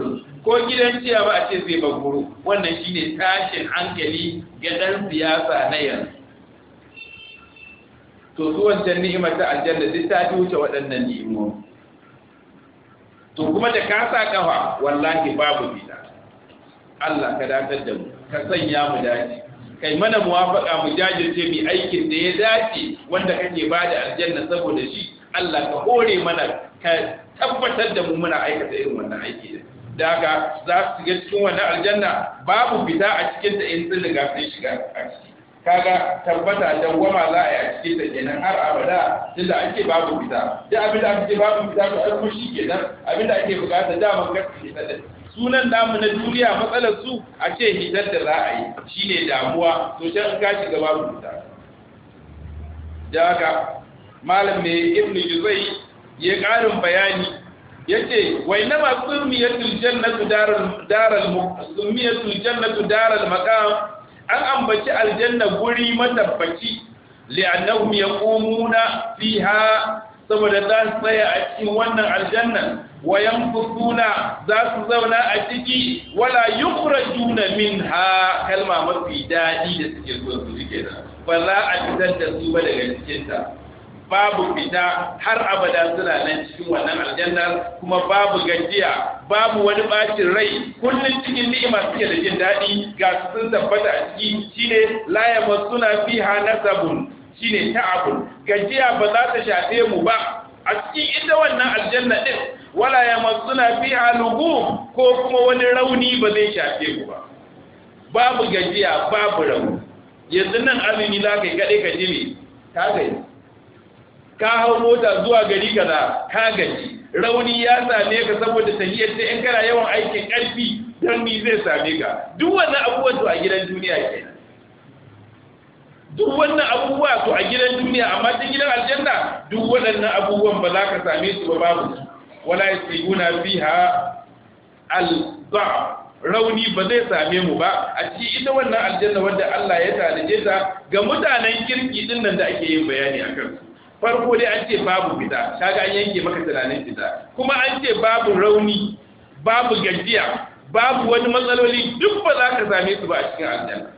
ko gidan ciya ba a ce zai guru wannan shine tashin hankali ga ɗan siyasa na yanzu to su wancan ni'imar ta aljanna duk ta wuce waɗannan ni'imomi to kuma da ka sa ƙafa, wallahi babu bida Allah ka dakatar da mu ka sanya mu dace kai mana muwafaka mu jajirce mu aikin da ya dace wanda kake bada aljanna saboda shi Allah ka hore mana ka tabbatar da mu muna aikata irin wannan aiki da haka za su shiga cikin wannan aljanna babu fita a cikin da in sun riga sun shiga a ciki kaga tabbata goma za a yi a cikin da kenan har abada tunda ake babu fita Da abin da ake babu fita to an kushi kenan abin da ake bukata da man gaske da sunan namu na duniya matsalar su a ce hidar da za a yi shine damuwa to sai an ka shiga babu fita da haka malam mai ibnu juzai ya ƙarin bayani ya ce wai na ma tsumiyatul jannatu daral daral daral maqam an ambaci aljanna guri matabbaci li'annahum yaqumuna fiha saboda za su tsaya a cikin wannan aljannan wayan fusuna za su zauna a ciki wala yukhrajuna minha kalma mafi daɗi da suke zuwa su rike ba za a fitar da su ba daga cikin ta babu fita har abada suna nan cikin wannan aljanna kuma babu gajiya babu wani bacin rai kullum cikin ni'ima suke da jin daɗi ga sun tabbata a ciki shine la yamassuna fiha nasabun shine ta'abun gajiya ba za ta shafe mu ba a cikin ita wannan aljanna din wala suna fiha lugum ko kuma wani rauni ba zai shafe mu ba babu gajiya babu rauni yanzu nan azumi za ka yi kaɗai ka jini ta gaji ka hau mota zuwa gari kaza ka gaji rauni ya same ka saboda tahiyar sai in kana yawan aikin karfi dan ni zai same ka duk wannan abubuwan to a gidan duniya ke duk wannan abubuwa to a gidan duniya amma cikin gidan aljanna duk waɗannan abubuwan ba za ka same su ba babu su wala yasiguna fiha al-ba' rauni ba zai same mu ba a ci ita wannan aljanna wanda Allah ya tanaje ta ga mutanen kirki din nan da ake yin bayani akan su farko dai an ce babu fita kaga an yanke maka tunanin fita kuma an ce babu rauni babu gajiya babu wani matsaloli duk ba za ka same su ba a cikin aljanna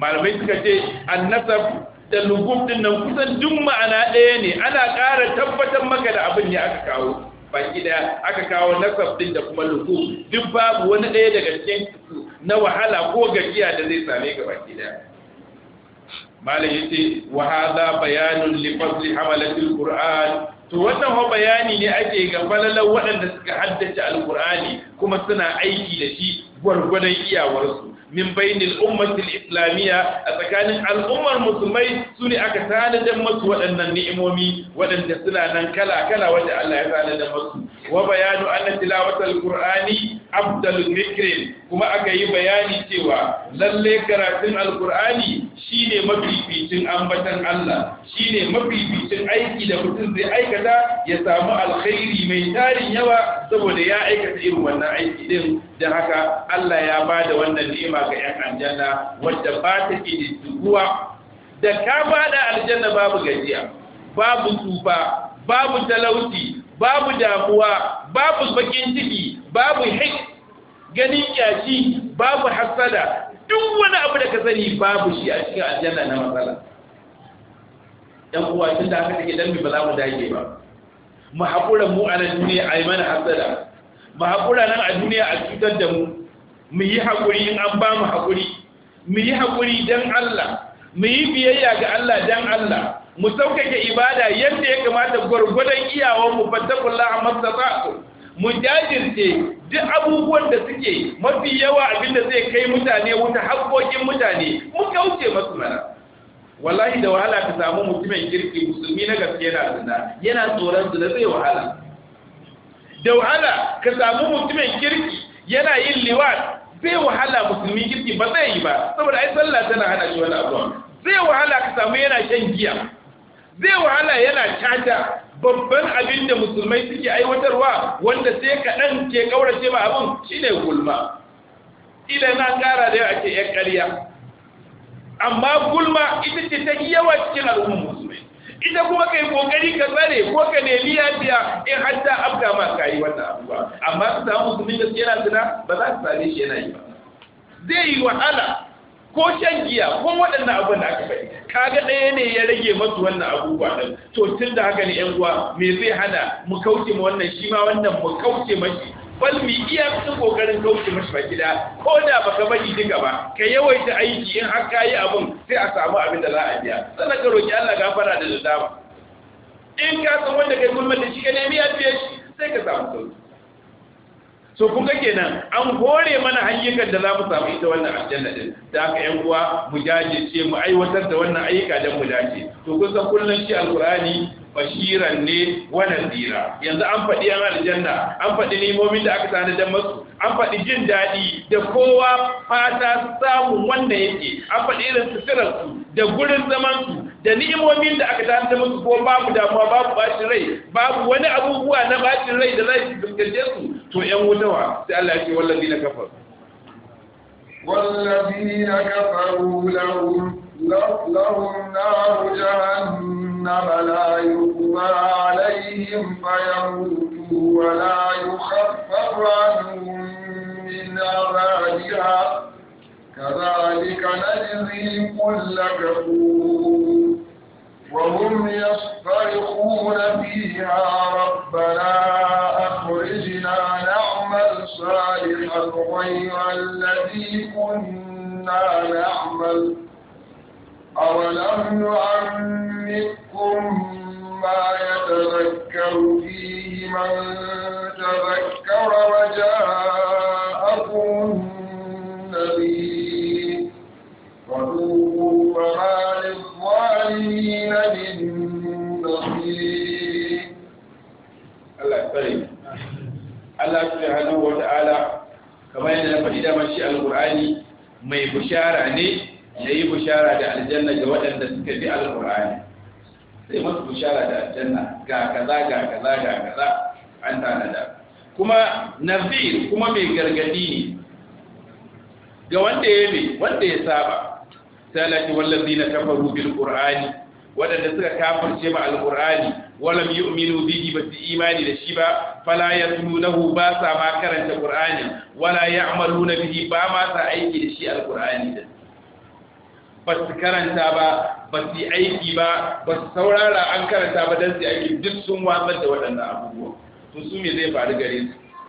malamai suka ce annasab da lugub din nan kusan duk ma'ana ɗaya ne ana ƙara tabbatar maka da abin ne aka kawo baki daya aka kawo nasab din da kuma lugub duk babu wani ɗaya daga cikin na wahala ko gajiya da zai same ka baki daya malam yace wa hadha bayanun li fadli hamalatil to wannan ho bayani ne ake ga falalar waɗanda suka haddace alqur'ani kuma suna aiki da shi gwargwadon iyawarsu min bainil ummati islamiyya a tsakanin al'ummar musulmai su ne aka tanadar masu waɗannan ni'imomi waɗanda suna nan kala kala wanda Allah ya tanadar masu wa bayanu anna tilawata alqur'ani afdalu dhikrin kuma aka yi bayani cewa lalle karatun alqur'ani shine mafificin ambatan Allah shine mafificin aiki da mutum zai aikata ya samu alkhairi mai tarin yawa saboda ya aikata irin wannan aiki din da haka Allah ya bada wannan ni'ima zuwa ga ‘yan aljanna wadda ba ta ke da da ka da aljanna babu gajiya babu tsufa babu talauci babu damuwa babu bakin ciki babu hik ganin kyashi babu hasada duk wani abu da ka sani babu shi a cikin aljanna na matsala yan uwa tun da haka take dan ba za mu dage ba mu haƙura mu a nan duniya a yi mana hasada mu haƙura nan a duniya a cutar da mu mu yi haƙuri in an ba mu haƙuri mu yi haƙuri don Allah mu yi biyayya ga Allah don Allah mu sauƙaƙe ibada yadda ya kamata gwargwadon iyawar mu a masata'u mu jajirce duk abubuwan da suke mafi yawa abin da zai kai mutane wuta haƙoƙin mutane mu kauce masu mana wallahi da wahala ka samu mutumin kirki musulmi na gaske yana zina yana tsoron zina zai wahala da wahala ka samu mutumin kirki yana yin liwat zai wahala musulmi kirki ba zai yi ba saboda ai sallah tana hana shi wani abu zai wahala ka samu yana shan giya zai wahala yana tata babban abin da musulmai suke aiwatarwa wanda sai kaɗan ke kaurace ma abun shine gulma ila na ƙara da yawa ce 'yan ƙarya amma gulma ita ce ta yawa cikin al'ummu ita kuma kai kokari ka tsare ko ka nemi yafiya in har ta afka ma ka yi wannan abuwa amma su samu musulmi da yana zina ba za su same shi yana yi ba zai yi wahala ko shan giya ko waɗannan abin da aka faɗi kaga ɗaya ne ya rage masu wannan abubuwa ɗin to tun da haka ne yan uwa me zai hana mu kauce ma wannan shi ma wannan mu kauce mashi bal mi iya ta kokarin kauce mashi baki da ko da baka bari duka ba ka yawaita aiki in har kayi abun sai a samu abin da za a biya sannan ka roki Allah gafara da dama in ka san wanda kai gulma da shi ka nemi biya shi sai ka samu sauki so kun ga kenan an hore mana hanyukan da za mu samu ita wannan aljanna din da aka yan uwa mu jajirce mu aiwatar da wannan ayyuka dan mu dace to kun san kullun shi alqur'ani bashiran ne wa nadira yanzu an faɗi an aljanna an faɗi nimomin da aka tana da masu an faɗi jin daɗi da kowa fata samun wanda yake an faɗi irin suturarsu da gurin zamansu da ni'imomin da aka tana da masu ko babu damuwa babu bashin rai babu wani abubuwa na bashin rai da zai dangance su to yan wutawa sai Allah ya ce wallahi na wallahi na kafa lahum lahum نار جهنم جهنم لا يقضى عليهم فيموتوا ولا يخفف عنهم من عذابها كذلك نجزي كل كفور وهم يصطرخون فيها ربنا أخرجنا نعمل صالحا غير الذي كنا نعمل أولم نعمركم ما يتذكر فيه من تذكر وجاءكم النذير وذوقوا فما للظالمين من Allah wa ta'ala kamar yadda na faɗi da mashi qurani mai bishara ne ya yi bushara da aljanna ga waɗanda suka bi alƙur'ani sai masu bushara da aljanna ga kaza ga kaza ga kaza an tanada kuma nazir kuma mai gargadi ne ga wanda ya mai wanda ya saba salati wallazi na kafaru bil qur'ani waɗanda suka kafirce ba al'ƙur'ani walam yu'minu bihi ba su imani da shi ba fala yatlunahu ba sa ma karanta qur'ani wala ya'maluna bihi ba ma sa aiki da shi al'ƙur'ani da ba su karanta ba ba su aiki ba ba su saurara an karanta ba don su aiki duk sun watsar da waɗannan abubuwa to su me zai faru gare su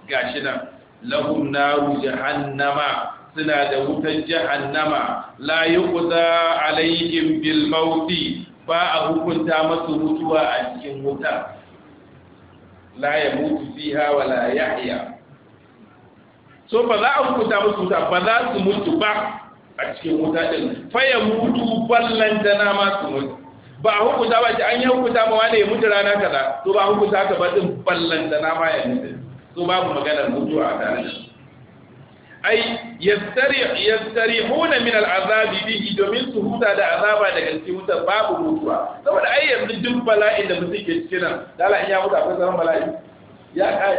gashi nan lahum naru jahannama suna da wutar jahannama la yuqda alaihim bil mauti ba a hukunta masu mutuwa a cikin wuta la yamutu fiha wa la yahya so ba za a hukunta musu wuta ba za su mutu ba a cikin wuta din fa mutu ballan dana ma su mutu ba a hukuta ba ce an yi hukuta ba wani ya mutu rana ka da, to ba hukuta ka ba din ballan dana ma ya mutu to babu maganar mutu a tare da su ai hona min al'azabi bihi domin su huta da azaba daga cikin wuta babu mutuwa saboda ai yanzu duk bala'in da mutum ke cikin nan dala in ya huta akwai zaman bala'i ya kai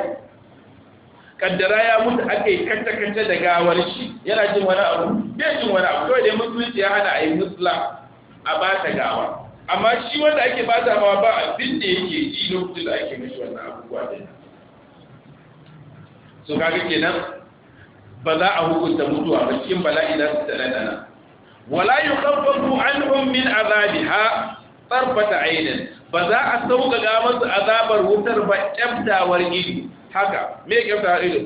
kaddara ya mutu aka yi kanta-kanta da gawar shi yana jin wani abu bai jin wani abu kawai dai musulunci ya hana a yi musula a ba ta gawa amma shi wanda ake ba ta ma ba abin da yake ji lokacin da ake mishi wannan abubuwa da so kaga kenan ba za a hukunta mutuwa ba cikin bala'i na su tsare dana wala yukhaffafu anhum min ha tsarfata ainihin ba za a sauƙaƙa masu azabar wutar ba kyaftawar ido haka me kyauta ido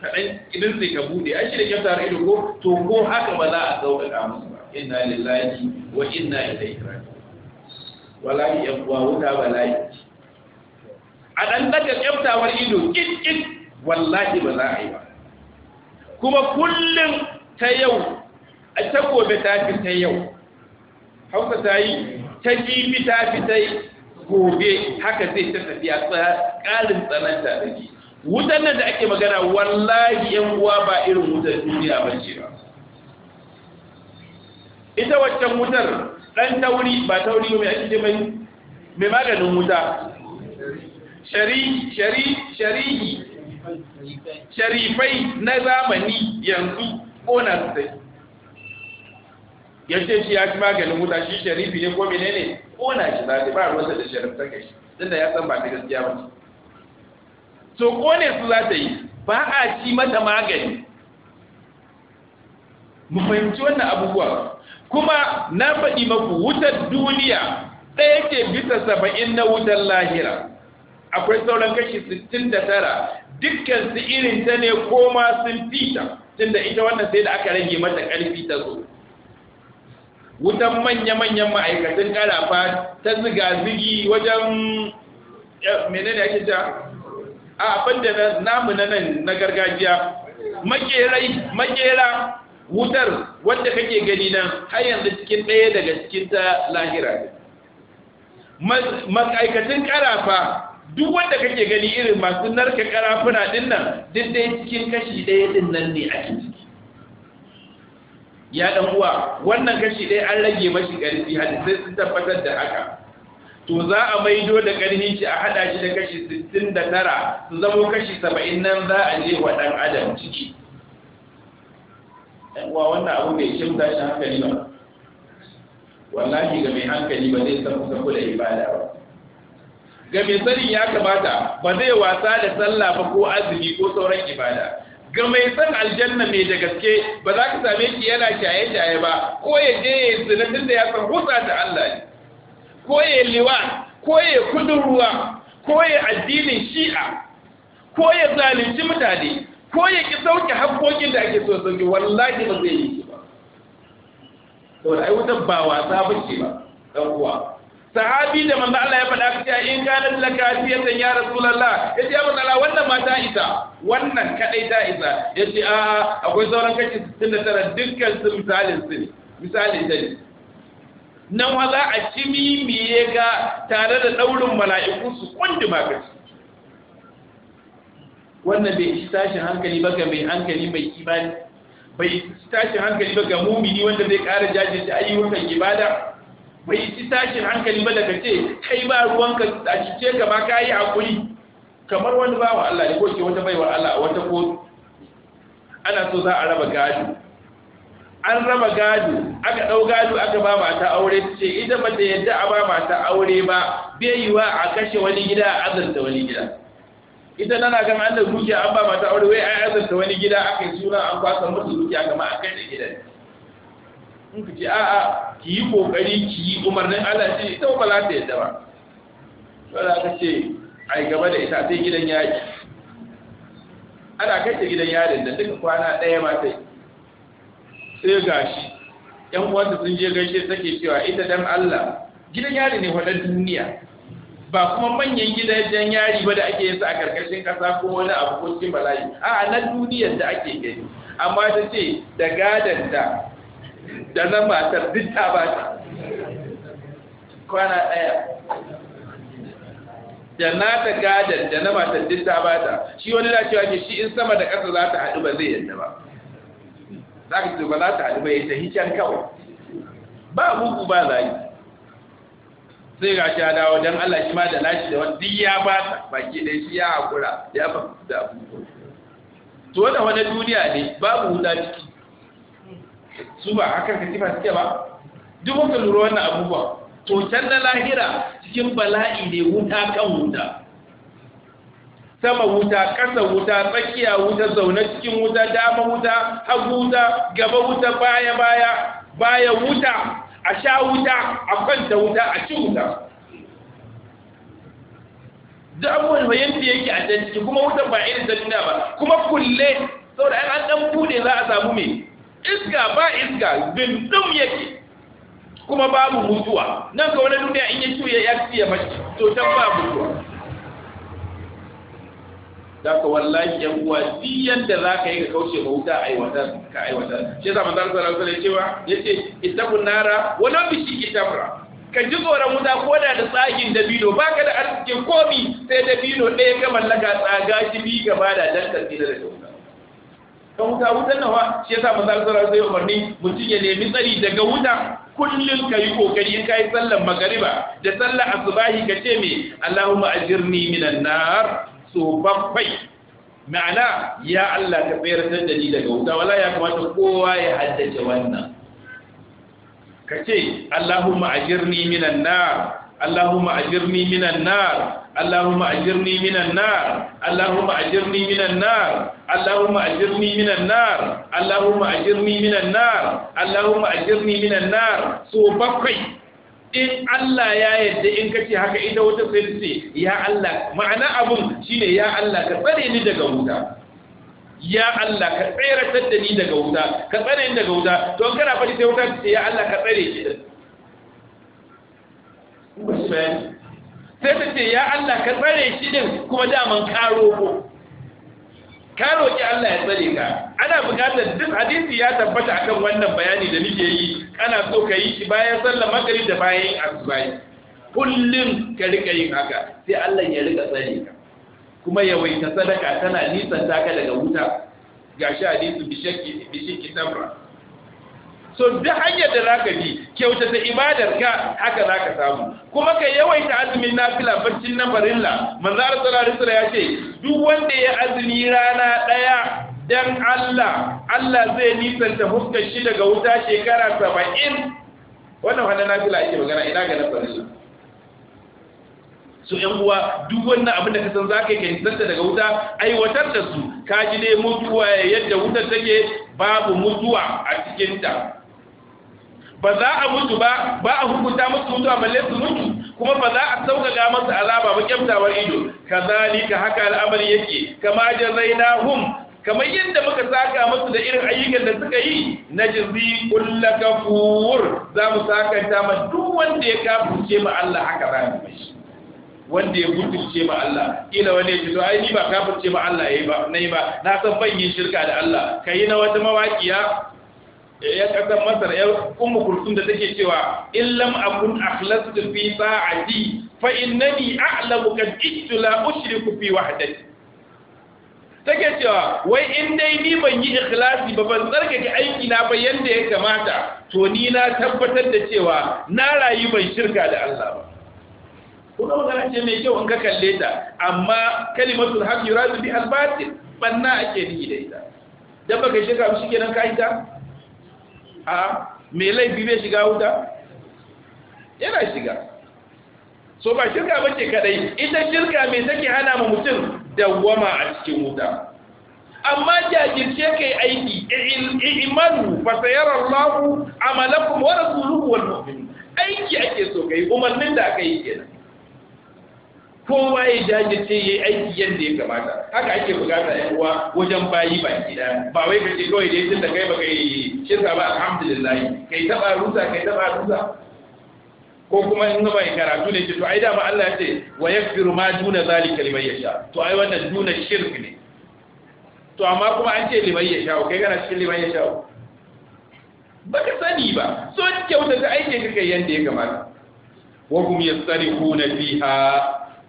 kaɗan idan sai ka bude an shirya kyauta ido ko to ko haka ba za a sauƙaƙa musu ba inna lillahi wa inna ilaihi raji'un wallahi ya kuwa wuta bala'i a ɗan daga kyautawar ido kin wallahi ba za a yi ba kuma kullum ta yau a ta gobe ta fi ta yau hausa ta yi ta kifi ta fi ta yi gobe haka zai ta tafiya ƙalin tsananta da ji wutan nan da ake magana wallahi yan uwa ba irin wutar duniya ba ce ba ita waccan wutar ɗan tauri ba tauri mai ake jimai mai maganin wuta shari shari shari sharifai na zamani yanzu ƙona su sai ya ce shi ya ci maganin wuta shi sharifi ne ko menene ƙona shi za ba ruwansa da sharifta kai tunda ya san ba ta gaskiya ba to ne su za ta yi ba a ci mata magani mu fahimci wannan abubuwa kuma na faɗi maku wutar duniya ɗaya ke bisa saba'in na wutar lahira akwai sauran kashi sittin da tara dukkan su irin ta ne koma sun fita tunda ita wannan sai da aka rage mata ƙarfi ta zo wutan manya-manyan ma'aikatan ƙarafa ta ziga-zigi wajen eh, menene ake ta a abin da namu na nan na gargajiya makerai makera wutar wanda kake gani nan har yanzu cikin ɗaya daga cikin ta lahira ma'aikatan karafa duk wanda kake gani irin masu narka karafuna din nan duk dai cikin kashi ɗaya din nan ne a ciki ya dan uwa wannan kashi ɗaya an rage mashi ƙarfi hadisai sun tabbatar da haka to za a maido da ƙarfin shi a haɗa shi da kashi 69 su zamo kashi 70 nan za a je wa ɗan adam ciki wa wannan abu mai shi shimta shi hankali ba wallahi ga mai hankali ba zai san kusa kula ibada ba ga mai sanin ya kamata ba zai wasa da sallah ba ko azumi ko sauran ibada ga mai san aljanna mai da gaske ba za ka same ki yana shaye-shaye ba ko ya je ya yi zina da ya san husa ta Allah ne koye liwan koye kudin ruwa koye addinin shi'a koye zalunci mutane koye ki sauke haƙoƙin da ake so sauke wallahi ba zai yi ba saboda ai wutar ba wasa ba ke ba ɗan uwa sahabi da manzo Allah ya faɗa cewa in kana laka da ya rasulullah yace ya manzo Allah wannan ma ta isa wannan kadai ta isa yace a akwai sauran kashi 69 dukkan su misalin su misalin dai nan wa za a ci mimiye ga tare da ɗaurin mala'iku su kundi magaci wannan bai ci tashin hankali ba ga mai hankali mai kimani bai ci tashin hankali ba ga mumini wanda zai ƙara da ayyukan ibada bai ci tashin hankali ba daga ce kai ba ruwanka a cice ka ma ka yi haƙuri kamar wani bawa Allah ne ko ke wata baiwa Allah a wata ko? ana so za a raba gado an raba gado aka ɗau gado aka ba mata aure ce ita ba ta yadda a ba mata aure ba bai wa a kashe wani gida a azanta wani gida ita tana kan an da dukiya an ba mata aure wai an azanta wani gida aka yi suna an kwasa mata dukiya kama a kashe gida. in ku ce a'a ki yi kokari ki yi umarnin Allah ce ita ba za ta yadda ba wanda aka ce ai gaba da ita sai gidan yaki ana kashe gidan yarin da duka kwana ɗaya ma sai sai gashi yan uwanta sun je gaishe take cewa ita dan Allah gidan yari ne wadar duniya ba kuma manyan gidajen yari ba da ake yin su a karkashin kasa ko wani abu ko cikin bala'i a na duniyar da ake gani amma ta ce da gadon da da na matar duk ta ba ta kwana ɗaya da na ta gadon da na matar duk ta ba ta shi wani lafiya cewa ke shi in sama da ƙasa za ta haɗu ba zai yadda ba za ka ce ba za ta haɗu ba ya tafi can kawai ba bugu ba yi. sai ga shi dawo don Allah shi ma da nashi da wani duk ya ba ta baki da shi ya haƙura ya ba da abubuwa to wata wani duniya ne babu huta ciki su ba haka ka tifa suke ba duk muka lura wannan abubuwa to can na lahira cikin bala'i ne wuta kan wuta sama wuta ƙasa wuta tsakiya wuta zaune cikin wuta dama wuta hagu wuta gaba wuta baya baya baya wuta a sha wuta a kwanta wuta a ci wuta duk abubuwan fahimta yake a can ciki kuma wutan ba irin ta duniya ba kuma kulle saboda an an dan bude za a samu me iska ba iska bindum yake kuma babu mutuwa nan ga wani duniya in ya ciwo ya ya mace to can ba mutuwa da ka wallahi yan uwa duk yanda za ka yi ka kauce ma wuta a aiwatar ka aiwatar shi yasa manzo sallallahu alaihi wasallam cewa yace ittaqun nara wa la bishiki tamra ka ji tsoron wuta ko da da tsagin dabino ba ka da arzikin komi sai dabino ɗaya ka mallaka tsaga shi bi gaba da dan karfi da wuta kan wuta wutan nawa shi yasa manzo sallallahu alaihi wasallam umarni mutum ya nemi tsari daga wuta kullum ka yi kokari ka yi sallar magariba da sallar asubahi ka ce me Allahumma ajirni minan nar tsofan fai ma'ana ya Allah ka tsayartar da ni daga wuta wala ya kamata kowa ya haddace wannan ka ce Allahumma ajirni minan nar Allahumma ajirni minan nar Allahumma ajirni minan nar Allahumma ajirni minan nar Allahumma ajirni minan nar Allahumma ajirni minan nar Allahumma ajirni minan nar so bakwai in Allah ya yarda in kace haka ita wata sai ce ya Allah ma'ana abun shine ya Allah ka tsare ni daga wuta ya Allah ka tseratar da ni daga wuta ka tsare ni daga wuta to kana fadi sai wuta ce ya Allah ka tsare shi sai ta ce ya Allah ka tsare shi din kuma daman karo ko karo ki Allah ya tsare ka ana buƙatar duk hadisi ya tabbata akan wannan bayani da nake yi Ana so ka yi shi bayan sallar magrib da bayan asubahi kullum ka rika yin haka sai Allah ya rika tsare ka kuma yawaita sadaka tana nisan taka daga wuta gashi hadisi bishaki bishaki tamra so duk hanyar da zaka bi ta ibadar ka haka zaka samu kuma ka yawaita azumin nafila barcin na barilla manzo Allah sallallahu alaihi wasallam ya ce duk wanda ya azumi rana daya dan Allah Allah zai nisanta fuskar shi daga wuta shekara saba'in wannan na nafila ake magana ina ga nafarin su yan uwa duk wannan abin da ka san zaka kai ka nisanta daga wuta aiwatar da su ka ji dai mutuwa yadda wutar take babu mutuwa a cikin ta ba za a mutu ba ba a hukunta musu mutuwa balle su mutu kuma ba za a sauƙaƙa masu azaba ba kyamtawar ido kazalika haka al'amari yake kama jazainahum kamar yadda muka saka musu da irin ayyukan da suka yi na jirbi kulla kafur za mu sakanta ma duk wanda ya kafurce ma Allah haka za mu mishi wanda ya mutunce ma Allah kila wani ya ce to ai ni ba kafirce ma Allah yayi ba nayi ba na san ban yi shirka da Allah kai na wata mawaƙiya ya kasar masar ya ummu kulsum da take cewa in lam akun akhlastu fi sa'ati fa innani a'lamu kad ittu la ushriku fi wahdati take cewa wai in dai ni ban yi ikhlasi ba ban tsarkake aiki na ba yanda ya kamata to ni na tabbatar da cewa na rayu ban shirka da Allah ba kuma magana ce mai kyau in ka kalle ta amma kalimatul haq yuradu bi al-batil banna ake ni da ita dan baka shirka shike nan ka ta a me laifi bai shiga wuta yana shiga so ba shirka ba ce kadai ita shirka mai take hana ma mutum da dawwama a cikin wuta amma jajirce kai aiki imanu fa sayara Allah amalakum wa rasuluhu wal mu'minin aiki ake so kai umarnin da aka yi kenan kowa ya jajirce ya yi aiki yadda ya kamata haka ake bukata ya uwa wajen bayi ba gida ba wai ce kawai dai tun da kai ba kai shirka ba alhamdulillah kai taba rusa kai taba rusa ko kuma in ga mai karatu ne to ai dama Allah ya ce wa yakfiru ma duna zalika liman yasha to ai wannan duna shirk ne to amma kuma an ce liman yasha kai kana cikin liman yasha baka sani ba so wuta ta aike ka kai yanda ya kamata wa hum yastarihuna fiha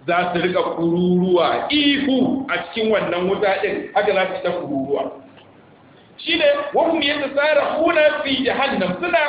za su rika kururuwa ihu a cikin wannan wuta din haka za su ta kururuwa shine yadda tsara yatasarahuna fi jahannam suna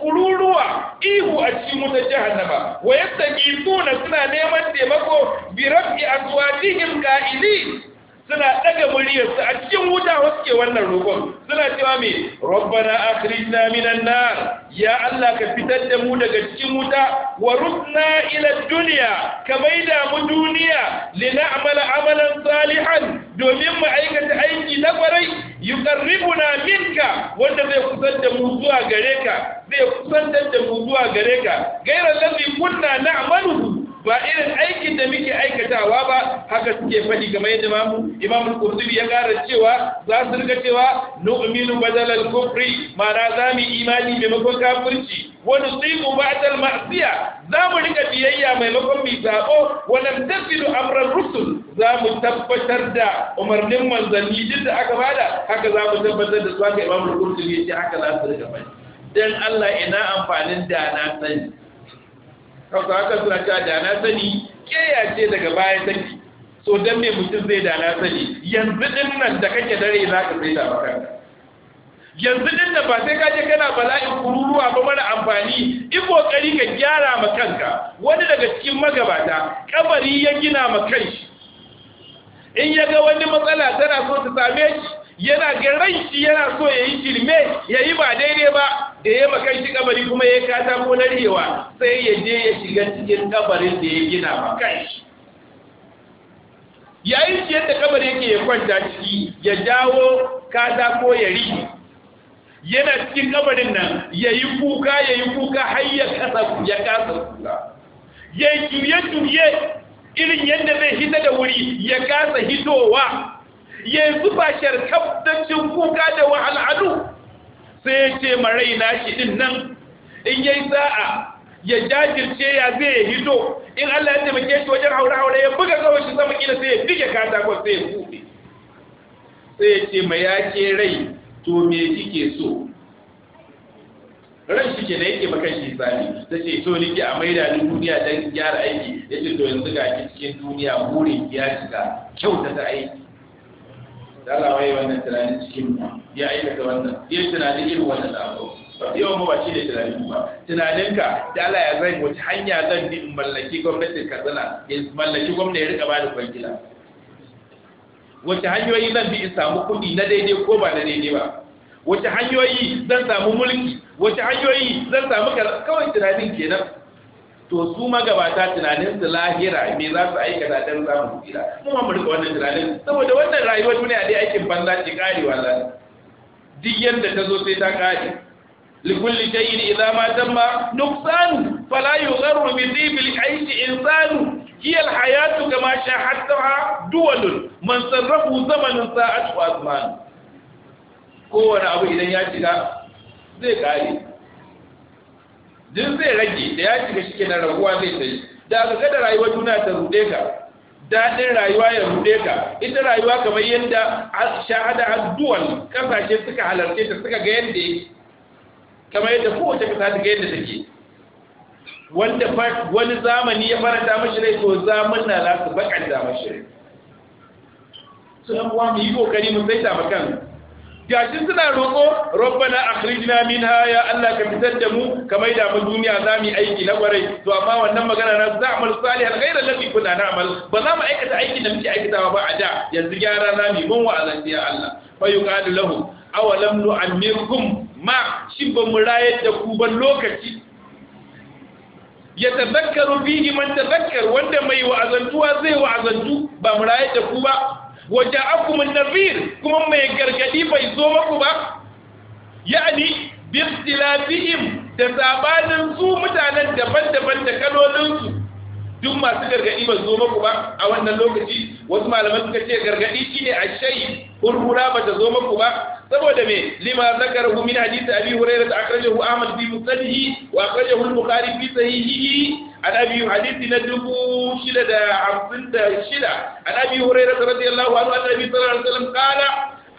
kururuwa ihu a cikin wutar jahannama wa yastaqifuna suna neman taimako bi rabbi azwajihim qa'ilin suna daga muryarsu a cikin wuta waske wannan roƙon suna cewa mai rabbana akhrijna minan nar ya Allah ka fitar da mu daga cikin wuta wa rusna ila dunya ka maida mu duniya lin'amala amalan salihan domin mu aikata aiki na kwarai yuqarribuna minka wanda zai kusantar da mu zuwa gare ka zai kusantar da mu zuwa gare ka gairar ladhi kunna na'maluhu ba irin aikin da muke aikatawa ba haka suke faɗi game da mamu imamul qurtubi ya ƙara cewa za su riga cewa nu'minu badal al-kufri mana za mu imani maimakon kafirci wa nusibu al ma'siya za mu rika biyayya maimakon mu sabo wa lam tasilu amran rusul za mu tabbatar da umarnin manzanni duk da aka bada haka za mu tabbatar da su haka imamul qurtubi ya ce haka za su riga faɗi dan Allah ina amfanin da na sani hausa haka suna cewa da na sani ya ce daga bayan take, so dan me mutum zai da na sani yanzu din nan da kake dare za ka sai da baka yanzu din nan ba sai ka je kana bala'in kururuwa ba mara amfani in kokari ka gyara ma kanka wani daga cikin magabata kabari ya gina ma kanshi in ya ga wani matsala tana so ta same shi yana ga ranci yana so ya yi shirme ya yi ba daidai ba da ya makan shi kabari kuma ya kata ko na rihewa sai ya je ya shiga cikin kabarin da ya gina ma shi yayin shi da kabari yake ya kwanta ciki ya jawo kata ko ya rihe yana cikin kabarin nan ya yi kuka ya yi kuka har ya kasa ya kasa kuka ya yi juye-juye irin yadda zai hita da wuri ya kasa hitowa ya zuba sharkaf don cin kuka da wahalhalu sai ya ce marai na shi din nan in yai za'a ya jajirce ya zai ya hito in Allah ya taimake shi wajen haure haure ya buga kawai shi sama kila sai ya dige katakon sai ya buɗe sai ya ce mai yake rai to me kike so ran shi ke da yake maka shi sami ta ce so nike a maida ni duniya don gyara aiki ya ce to yanzu ga cikin duniya burin ya shiga kyautata aiki da Allah wannan tunanin cikin mu ya aikata wannan ya tunanin irin wannan abu yawan mawaci da tunanin ba tunaninka da Allah ya zai wace hanya zan bi in mallaki gwamnatin Katsina ya mallaki gwamnati ya rika ba da kwangila wace hanyoyi zan bi in samu kuɗi na daidai ko ba na daidai ba wace hanyoyi zan samu mulki wace hanyoyi zan samu kawai tunanin kenan to su magabata tunanin su lahira me za su aikata don samun tsira mu ma mu rika wannan tunanin saboda wannan rayuwar duniya dai aikin banza ce karewa wala duk yanda ta zo sai ta kare likulli shay'in idza ma tamma nuqsan fala yugharu bi dhibil aishi insanu hiya alhayatu kama shahattaha duwal man sarrafu zamanun sa'atu azman kowane abu idan ya shiga zai kare duk zai rage da ya cika shi kenan raguwa zai ta yi da aka kada rayuwar duniya ta Rude ka daɗin rayuwa ya rude ka ita rayuwa kamar yadda shahada addu'an kasashe suka halarce ta suka ga yadda kamar yadda kowace kasa ta ga yadda take wanda wani zamani ya faranta mashi rai to na za su bakanta mashi rai su ɗan mu yi kokari mu saita mu kan gashin suna roƙo rabbana akhrijna minha ya Allah ka fitar da mu kamar da mu duniya za mu aiki na kwarai to amma wannan magana na za amal salihan ghayra alladhi kunna na'mal ba za mu aikata aikin da muke aikatawa ba a da yanzu gyara za mu mun wa'azan ya Allah fa yuqalu lahu lam nu'ammirkum ma shibba murayat da ku ban lokaci ya tazakkaru bihi man tazakkar wanda mai wa'azantuwa zai wa'azantu ba murayat da ku ba waje akumin an kuma mai gargadi bai zo maku ba ya'ni bi da sabanin su mutanen daban-daban da kalolinsu duk masu gargadi ba zo maku ba a wannan lokaci wasu malaman suka ce gargadi a shai, hurhura ba ta zo maku ba saboda me lima hu min hadisi abi hurairah akhrajahu ahmad bi musnadihi wa akhrajahu al-bukhari fi sahihihi an abi hadisi na dubu shida da hamsin da shida an abi hurairah radiyallahu anhu annabi sallallahu alaihi wasallam qala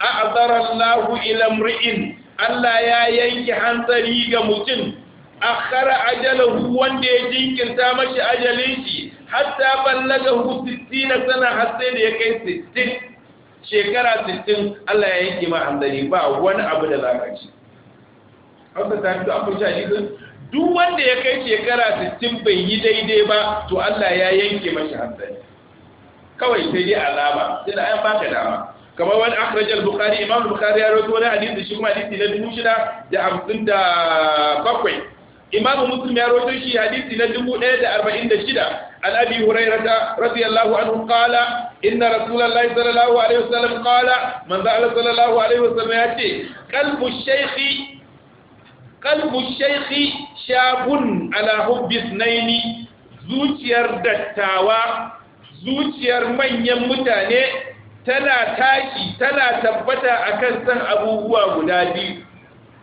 a'dara Allahu ila imri'in Allah ya yanke hanzari ga mutum akhara ajalahu wanda ya jinkirta mashi ajalin shi hatta ballagahu 60 sana har sai da ya kai 60 shekara 60 Allah ya yanke ma hanzari ba wani abu da zaka ci hausa ta fito an fushe hadisin duk wanda ya kai shekara 60 bai yi daidai ba to Allah ya yanke mashi hanzari kawai sai dai alama sai da an baka dama kamar wani akhraj al-bukhari imam al bukhari ya rawaito wani hadisi shi kuma hadisi na dubu da hamsin bakwai imam muslim ya rawaito shi hadisi na dubu an abi hurairah radiyallahu anhu qala inna rasulullahi sallallahu alaihi wasallam qala man za'ala sallallahu alaihi wasallam ya ce qalbu shaykhi kalbu shaikhi shagun ala hubbi naini zuciyar dattawa zuciyar manyan mutane tana tashi tana tabbata akan san abubuwa guda biyu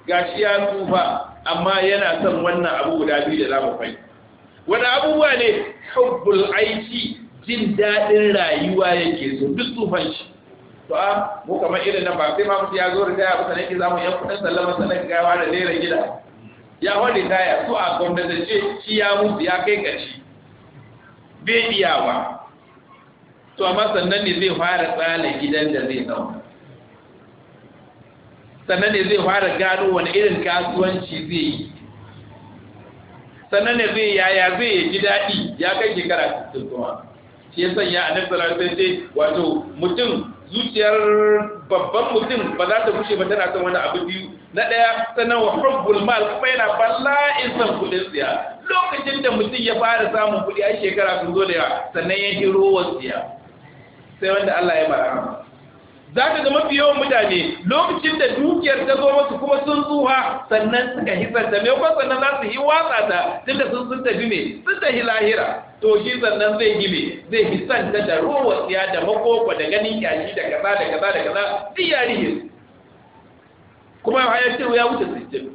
gashi ya tsufa amma yana son wannan abu guda biyu da zamu fai wani abubuwa ne hubbul aiki jin daɗin rayuwa yake so duk tsufan to a ah, mu kamar irin nan ba sai ma mutum ya zo da ba kusa nake zamu yan kudin sallama sallan ga wa da lera gida ya wani ritaya su a gwamnatance shi ya mutu ya kai kashi bai iyawa to amma sannan ne zai fara tsala gidan da zai zauna sannan ne zai fara gano wani irin kasuwanci zai yi sannan ne zai yaya zai yi ji daɗi ya kai shekara 60 kuma shi ya sanya a nan sallallahu ce wato mutum zuciyar babban mutum ba za ta bushe ba tana son wani abu biyu na ɗaya sannan wa hubbul mal kuma yana in son kuɗin siya lokacin da mutum ya fara samun kuɗi a shekara sun zo da yawa sannan ya ji rowar siya sai wanda Allah ya mara za ka ga mafi yawan mutane lokacin da dukiyar ta zo masu kuma sun tsuha sannan suka hisar da maimakon sannan za su yi watsa ta tunda sun sun tafi ne sun tafi lahira to shi sannan zai gime zai hisanta da da rowa tsiya da makoko da ganin kyashi da kaza da kaza da kaza tsiyarihin kuma hayar cewa ya wuce sittin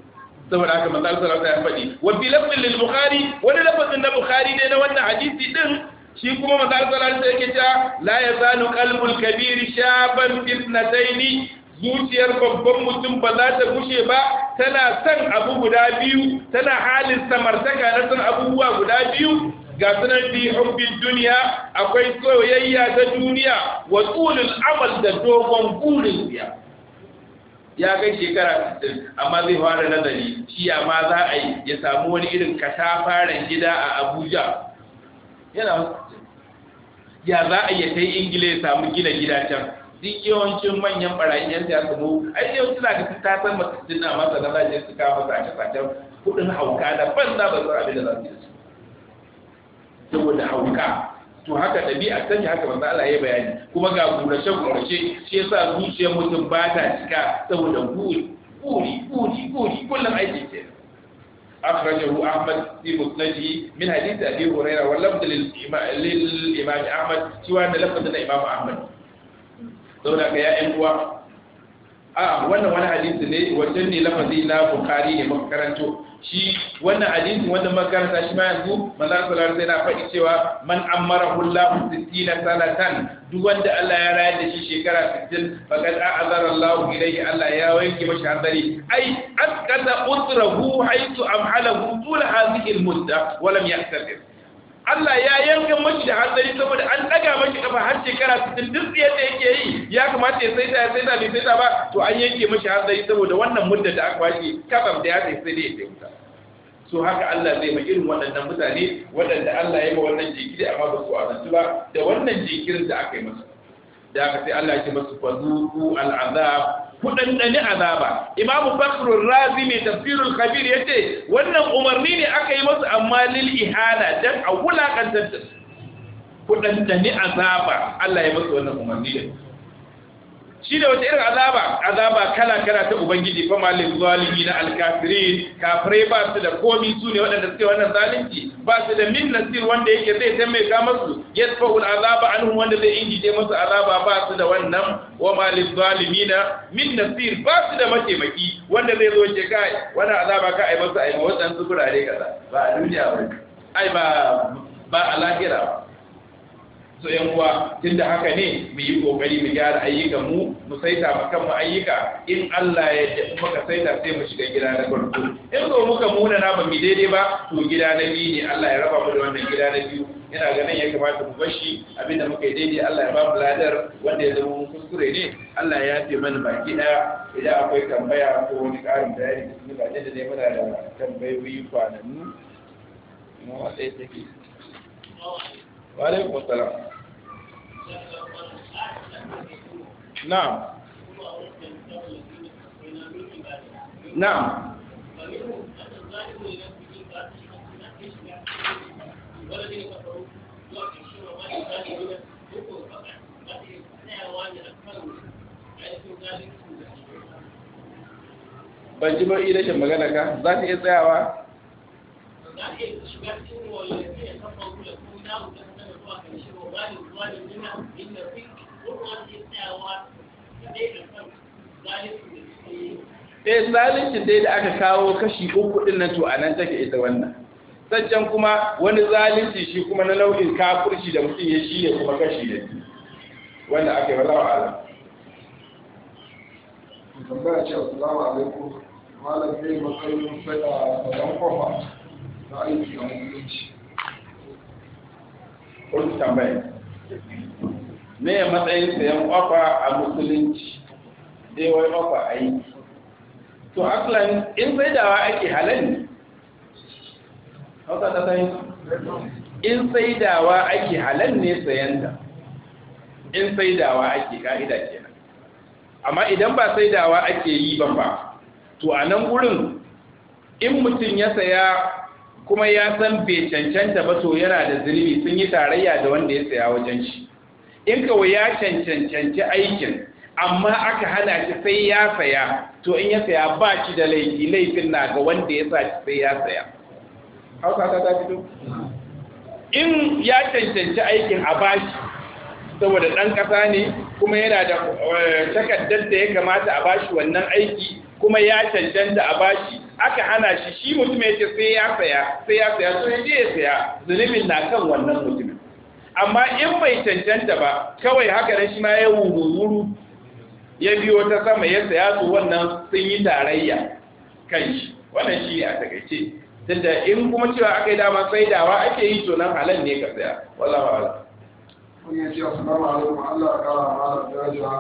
saboda haka manzo sallallahu alaihi wasallam ya faɗi wa bi lafzin lil bukhari wani lafzin na bukhari ne na wannan hadisi din shi kuma maza sallallahu alaihi yake cewa la yazalu qalbul kabiri shaban fitnataini zuciyar babban mutum ba za ta gushe ba tana son abu guda biyu tana halin samartaka na son abubuwa guda biyu ga sunan fi hubbin duniya akwai soyayya ta duniya wa tsulul amal da dogon burin ya ya kai shekara amma zai fara nazari shi ma za a yi ya samu wani irin katafaren gida a abuja yana ya za a yi ta ingila ya samu gina gida can duk yawancin manyan barayi yan siyasa mu ai yawanci za ka sun ta san masu na masa na zaje su kawo masa a kasashen kudin hauka da za ba su abin da za su yi saboda hauka to haka ɗabi'a sanya haka manzo Allah ya bayani kuma ga gurashe gurashe shi yasa zuciyar mutum ba ta cika saboda buri buri buri buri kullum aiki ce. أخرجه أحمد في مسنده من حديث أبي هريرة واللفظ للإمام أحمد سوى أن لفظ الإمام أحمد دونك يا إخوة a wannan wani hadisi ne wancan ne lafazi na bukari ne muka karanto shi wannan hadisi wannan makaranta shi ma yanzu manzo sallallahu alaihi na faɗi cewa man amara hullahu na salatan duk wanda Allah ya rayar da shi shekara 60 faqad a'azara Allah ya Allah ya wanke mashi hadari ai asqata utrahu haythu amhalahu tul hadhihi al-mudda wa lam yahtasib Allah ya yanka mashi da hanzari saboda an daga mashi kafa har shekara 60 duk da yake yi ya kamata ya saita ya saita bai saita ba to an yanke mashi hanzari saboda wannan mudda da aka bashi kafa da ya sai sai da ya saita so haka Allah zai ma irin waɗannan mutane waɗanda Allah ya ma wannan jinkiri amma ba su azantu ba da wannan jinkirin da aka yi masa da aka sai Allah ya masu fazuku al'azab kudandani azaba imam bakrul razi mai tafsirul kabir yace wannan umarni ne aka yi masu amma lil ihana dan a wulakantar da su azaba Allah ya masu wannan umarni ne shi ne wata irin azaba azaba kala kala ta ubangiji fa malil zalimin al Alkafirin, kafirai ba su da komi su ne waɗanda suke wannan zalunci ba su da min nasir wanda yake zai ta taimaka masu yasfahu al azaba anhum wanda zai injije masu azaba ba su da wannan wa malil zalimin min nasir ba su da mataimaki wanda zai zo ce kai wannan azaba ka ai masu ai mawadan su kurare kaza ba a duniya ba ai ba ba a lahira ba so yan uwa da haka ne mu yi kokari mu gyara ayyukan mu mu saita mu kan mu ayyuka in Allah ya yi muka saita sai mu shiga gida na farko in ko muka muna na ba mu daidai ba to gida na biyu ne Allah ya raba mu da wannan gida na biyu yana ganin ya kamata mu bashi abinda muka yi daidai Allah ya ba mu ladar wanda ya zama mun kuskure ne Allah ya yafe mana baki daya idan akwai tambaya ko wani karin bayani bismillah ne da ne muna da tambayoyi kwanannu mu wa wa na'am na'am ban ji ba rashin magana ka za ta iya tsayawa eh zalincin dai da aka kawo kashi uku din nan to anan take ita wannan sancan kuma wani zalunci shi kuma na nau'in kafirci da mutum ya shi kuma kashi da shi wanda aka yi wa zawa alam tambaya ce assalamu alaikum malam zai matsayin sai a tsaron kofa na aiki a musulunci. Wani tambaya. me ya matsayin sayan kwakwa a musulunci dai wai ofa a yi to aslan in saidawa ake halal ne hausa sai in saidawa ake halal ne da in saidawa ake ka'ida kenan amma idan ba saidawa ake yi ba ba to a nan wurin, in mutum ya saya kuma ya san bai cancanta ba to yana da zurfi sun yi tarayya da wanda ya saya wajen shi in kawai ya cancanci aikin amma aka hana shi sai ya saya to in ya saya ba shi da laifi laifin na ga wanda ya sa shi sai ya saya hausa ta ta fito in ya cancanci aikin a bashi saboda ɗan ƙasa ne kuma yana da eh, takardar da ya kamata a bashi wannan aiki kuma ya cancanta a bashi aka hana shi shi mutum ya ce sai ya saya sai ya saya to ya je ya saya zulumin na kan wannan mutumin amma in bai cancanta ba kawai haka da shi ma ya wuru-wuru ya biyo ta sama ya saya su wannan sun yi tarayya kan shi wannan shi a takaice tunda in kuma cewa aka yi dama dawa ake yi to nan halal ne ka saya wala a'lam kun ce assalamu alaikum Allah ya kara malam daraja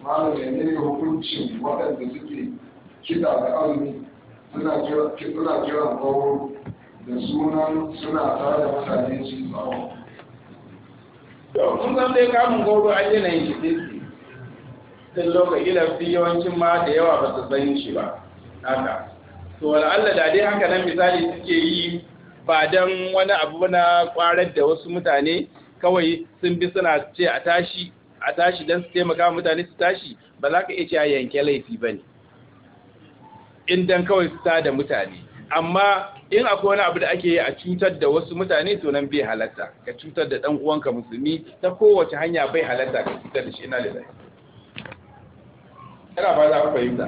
malam ya ne hukuncin waɗanda suke kiɗa da azumi suna jiran kawo da sunan suna tare da mutane su tsawo to mun san dai kamun goro an yanayin shi sai sun lokaci lafi yawancin ma da yawa ba su san shi ba haka to Allah da dai haka nan misali suke yi ba dan wani abu na kwarar da wasu mutane kawai sun bi suna ce a tashi a tashi don su taimaka mutane su tashi ba za ka iya cewa yanke laifi ba ne in dan kawai su da mutane amma in akwai wani abu da ake yi a cutar da wasu mutane to nan bai halatta ka cutar da dan uwanka musulmi ta kowace hanya bai halatta ka cutar da shi ina da kana ba za ku fahimta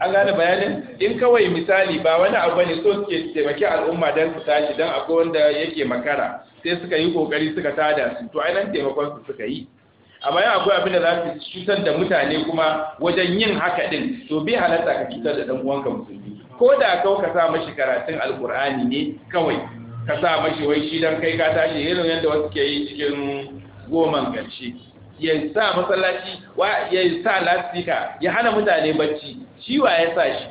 an gane bayanin in kawai misali ba wani abu ne so suke taimaki al'umma don su tashi don akwai wanda yake makara sai suka yi kokari suka tada su to nan taimakon su suka yi amma yau akwai abin da za su cutar da mutane kuma wajen yin haka din to bai halatta ka cutar da dan uwanka musulmi ko da kau ka sa mashi karatun alkur'ani ne kawai ka sa mashi wai shi dan kai ka tashi irin yadda wasu ke yi cikin goman ƙarshe ya sa masallaci ya sa lastika ya hana mutane bacci shi wa ya sa shi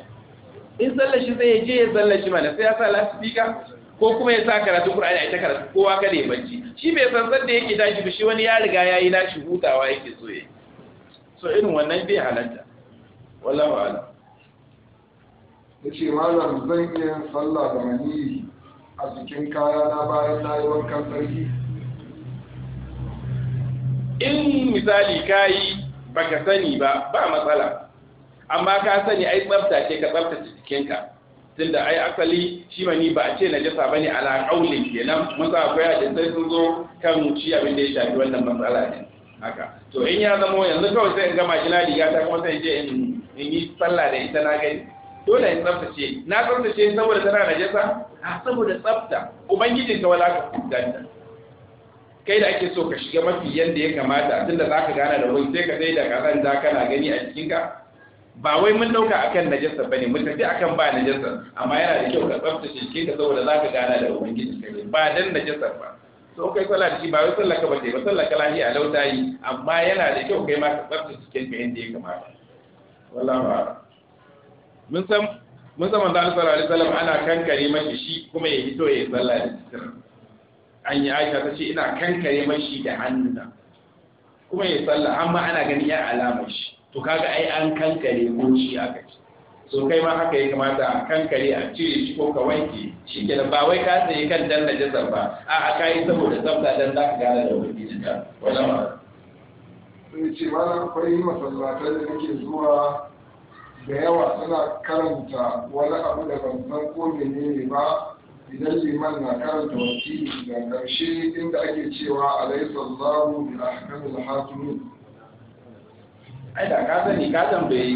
in sallashi sai ya je ya sallashi mana sai ya sa lastika ko kuma ya sa karatu Qur'ani ai ta karatu kowa kada ya bacci shi bai san san da yake tashi ba shi wani ya riga yayi nashi hutawa yake so yayi so irin wannan bai halarta. wallahu a'lam ya ce malam zan iya yin da maniyi a cikin kaya na bayan na yi wankan sarki in misali ka yi baka sani ba ba matsala amma ka sani ai tsafta ce ka tsaftace jikinka tunda ai asali shi mani ba a ce na najasa bane ala qaulin kenan Musa, sa akwai sai sun zo kan ci abin da ya shafi wannan matsala ne haka to in ya zama yanzu kawai sai in gama shi na riga ta kuma sai je in yi sallah da ita na gani dole in tsaftace na tsaftace saboda tana najasa a ah, saboda tsafta ubangijin ka wala ka fuskanta kai da ake so ka shiga mafi yadda ya kamata tunda za ka gana da wani sai ka sai da kasan da kana gani a jikinka ba wai mun dauka akan najasa bane mun tafi akan ba najasa amma yana da kyau ka tsaftace jikinka saboda za ka gana da ubangijin ka ba dan najasa ba so kai sallah shi ba wai sallah ka bace ba sallah ka lahi a lauta yi amma yana da kyau kai ma ka tsaftace jikinka yadda ya kamata wallahi mun san mun san manzo sallallahu alaihi wasallam ana kankare mashi shi kuma ya hito ya sallah da sitira an yi aisha ta ce ina kankare mashi da hannuna kuma ya salla amma ana ganin ya alamar shi to kaga ai an kankare ko shi aka ce so kai ma haka ya kamata a kankare a cire shi ko ka wanke shi ke ba wai ka tsaye kan dan Jazar ba a a kayi saboda tsafta dan za ka gane da wani ta wala ma ce ma akwai masallatar da nake zuwa da yawa suna karanta wani abu da ban san ko menene ba idan liman na karanta wakili da karshe inda ake cewa alaysa Allahu bi ahkamil hakimin ai da ka sani ka tambaye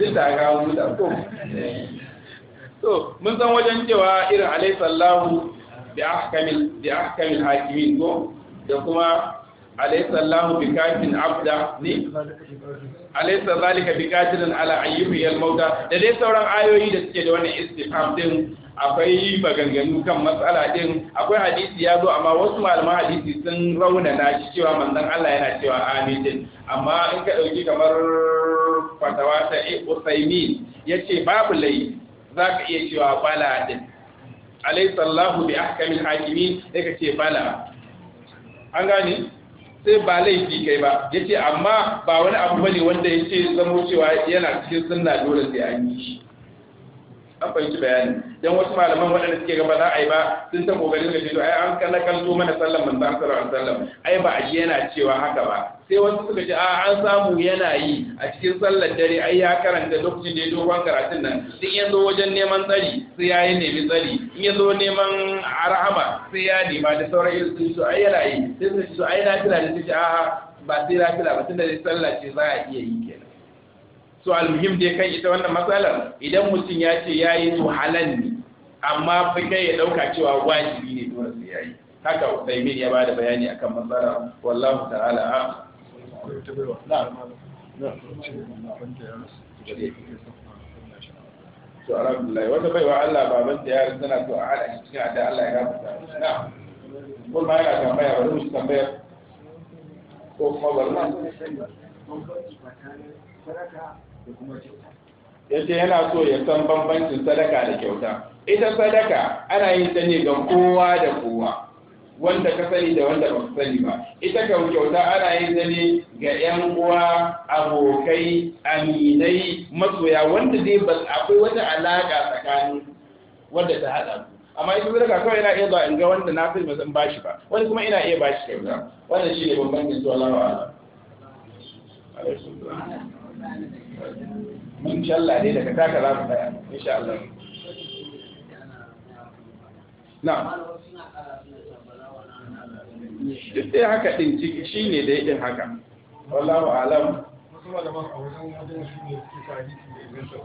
duk da ga mu da ko to mun san wajen cewa irin alaysa Allahu bi ahkamil bi ahkamil hakimin ko da kuma alaysa Allahu bi kafin abda ne alaysa zalika biqatilin ala ayyuhi al-mauta da dai sauran ayoyi da suke da wannan istifham din akwai maganganu kan matsala din akwai hadisi ya zo amma wasu malaman hadisi sun na shi cewa manzon Allah yana cewa amin din amma in ka dauki kamar fatawa ta Usaimin yace babu lai zaka iya cewa bala din alaysa Allahu bi ahkamil hakimin sai ka ce bala an gane sai ba laifi kai ba yace amma ba wani abu bane wanda yace zamo cewa yana cikin sunna dole sai an yi shi an fahimci bayani don wasu malaman waɗanda suke gaba za a yi ba sun ta kokarin da to ai an kana zo mana sallan manzo sallallahu alaihi sallan ai ba a ji yana cewa haka ba sai wasu suka ce a an samu yana yi a cikin sallar dare ai ya karanta lokacin da ya dogon karatun nan sai ya zo wajen neman tsari sai ya yi nemi tsari in ya zo neman arahama sai ya nema da sauran irin sun so ai yana yi sai suka ce ai na fila da ce a ba sai na fila ba tunda sallar ce za a iya yi kenan so almuhim dai kan ita wannan matsalar idan mutum ya ce ya yi ne amma fi kai ya dauka cewa wajibi ne dole sai ya yi haka Usaimin ya bada bayani akan matsalar wallahu ta'ala a alhamdulillah na kun ma yana tambaya tambaya ko kuma ya ce yana so ya san bambancin sadaka da kyauta ita sadaka ana yin ta ne ga kowa da kowa wanda ka sani da wanda ba ka sani ba ita ka kyauta ana yin ta ne ga yan uwa abokai aminai masoya wanda dai ba akwai wata alaka tsakanin wanda ta hada su amma ita sadaka kawai ina iya zuwa in ga wanda na sani ba zan bashi ba wani kuma ina iya bashi kyauta wannan shi ne bambancin zuwa lawa alaikum insha Allah ne daga taka za tsaya insha Allah Na. duk dai haka din ciki shi ne da din haka wallahu alam wasu malaman a wajen wajen shi ne suke sa hadisi da inganta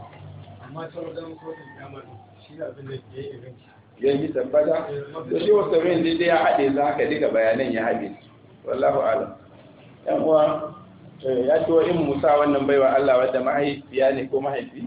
amma ta wajen kotun kiyama shi ne abin da ke inganta yi tabbata da eh, shi wasu rin da ya haɗe za ka diga bayanan ya haɗe wallahu alam yan uwa Eh, ya ce wa in musa wannan baiwa Allah wadda mahaifiya ne ko mahaifi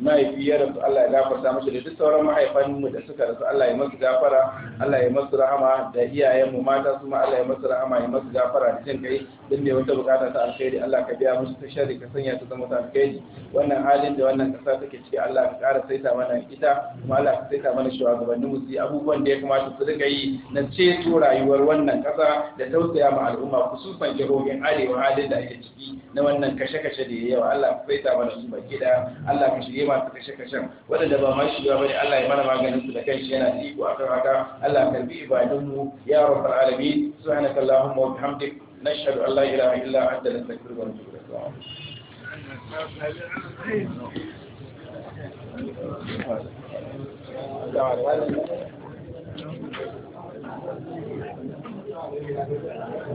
mahaifi ya rasu Allah ya gafarta mashi da duk sauran mahaifanmu da suka rasu Allah ya masu gafara Allah ya masu rahama da iyayenmu mata su ma Allah ya masu rahama ya masu gafara da jin kai duk mai wata bukata ta alkhairi Allah ka biya musu ta shari ka sanya ta zama ta alkhairi wannan halin da wannan kasa take ciki Allah ka ƙara saita mana ita kuma Allah ka saita mana shugabannin mu su yi abubuwan da ya kamata su riga yi na ceto rayuwar wannan kasa da tausaya ma al'umma kusurfan jihohin arewa halin da ake ciki na wannan kashe-kashe da ya yawa Allah ka saita mana su baki da Allah ka shirye suke masu kashe-kashen waɗanda ba ma shi ba bane Allah ya mana maganin su da kanshi yana da iko akan haka Allah karbi ibadunmu ya rabbal alamin subhanaka allahumma wa bihamdik nashhadu an la ilaha illa anta nastaghfiruka wa natubu ilaik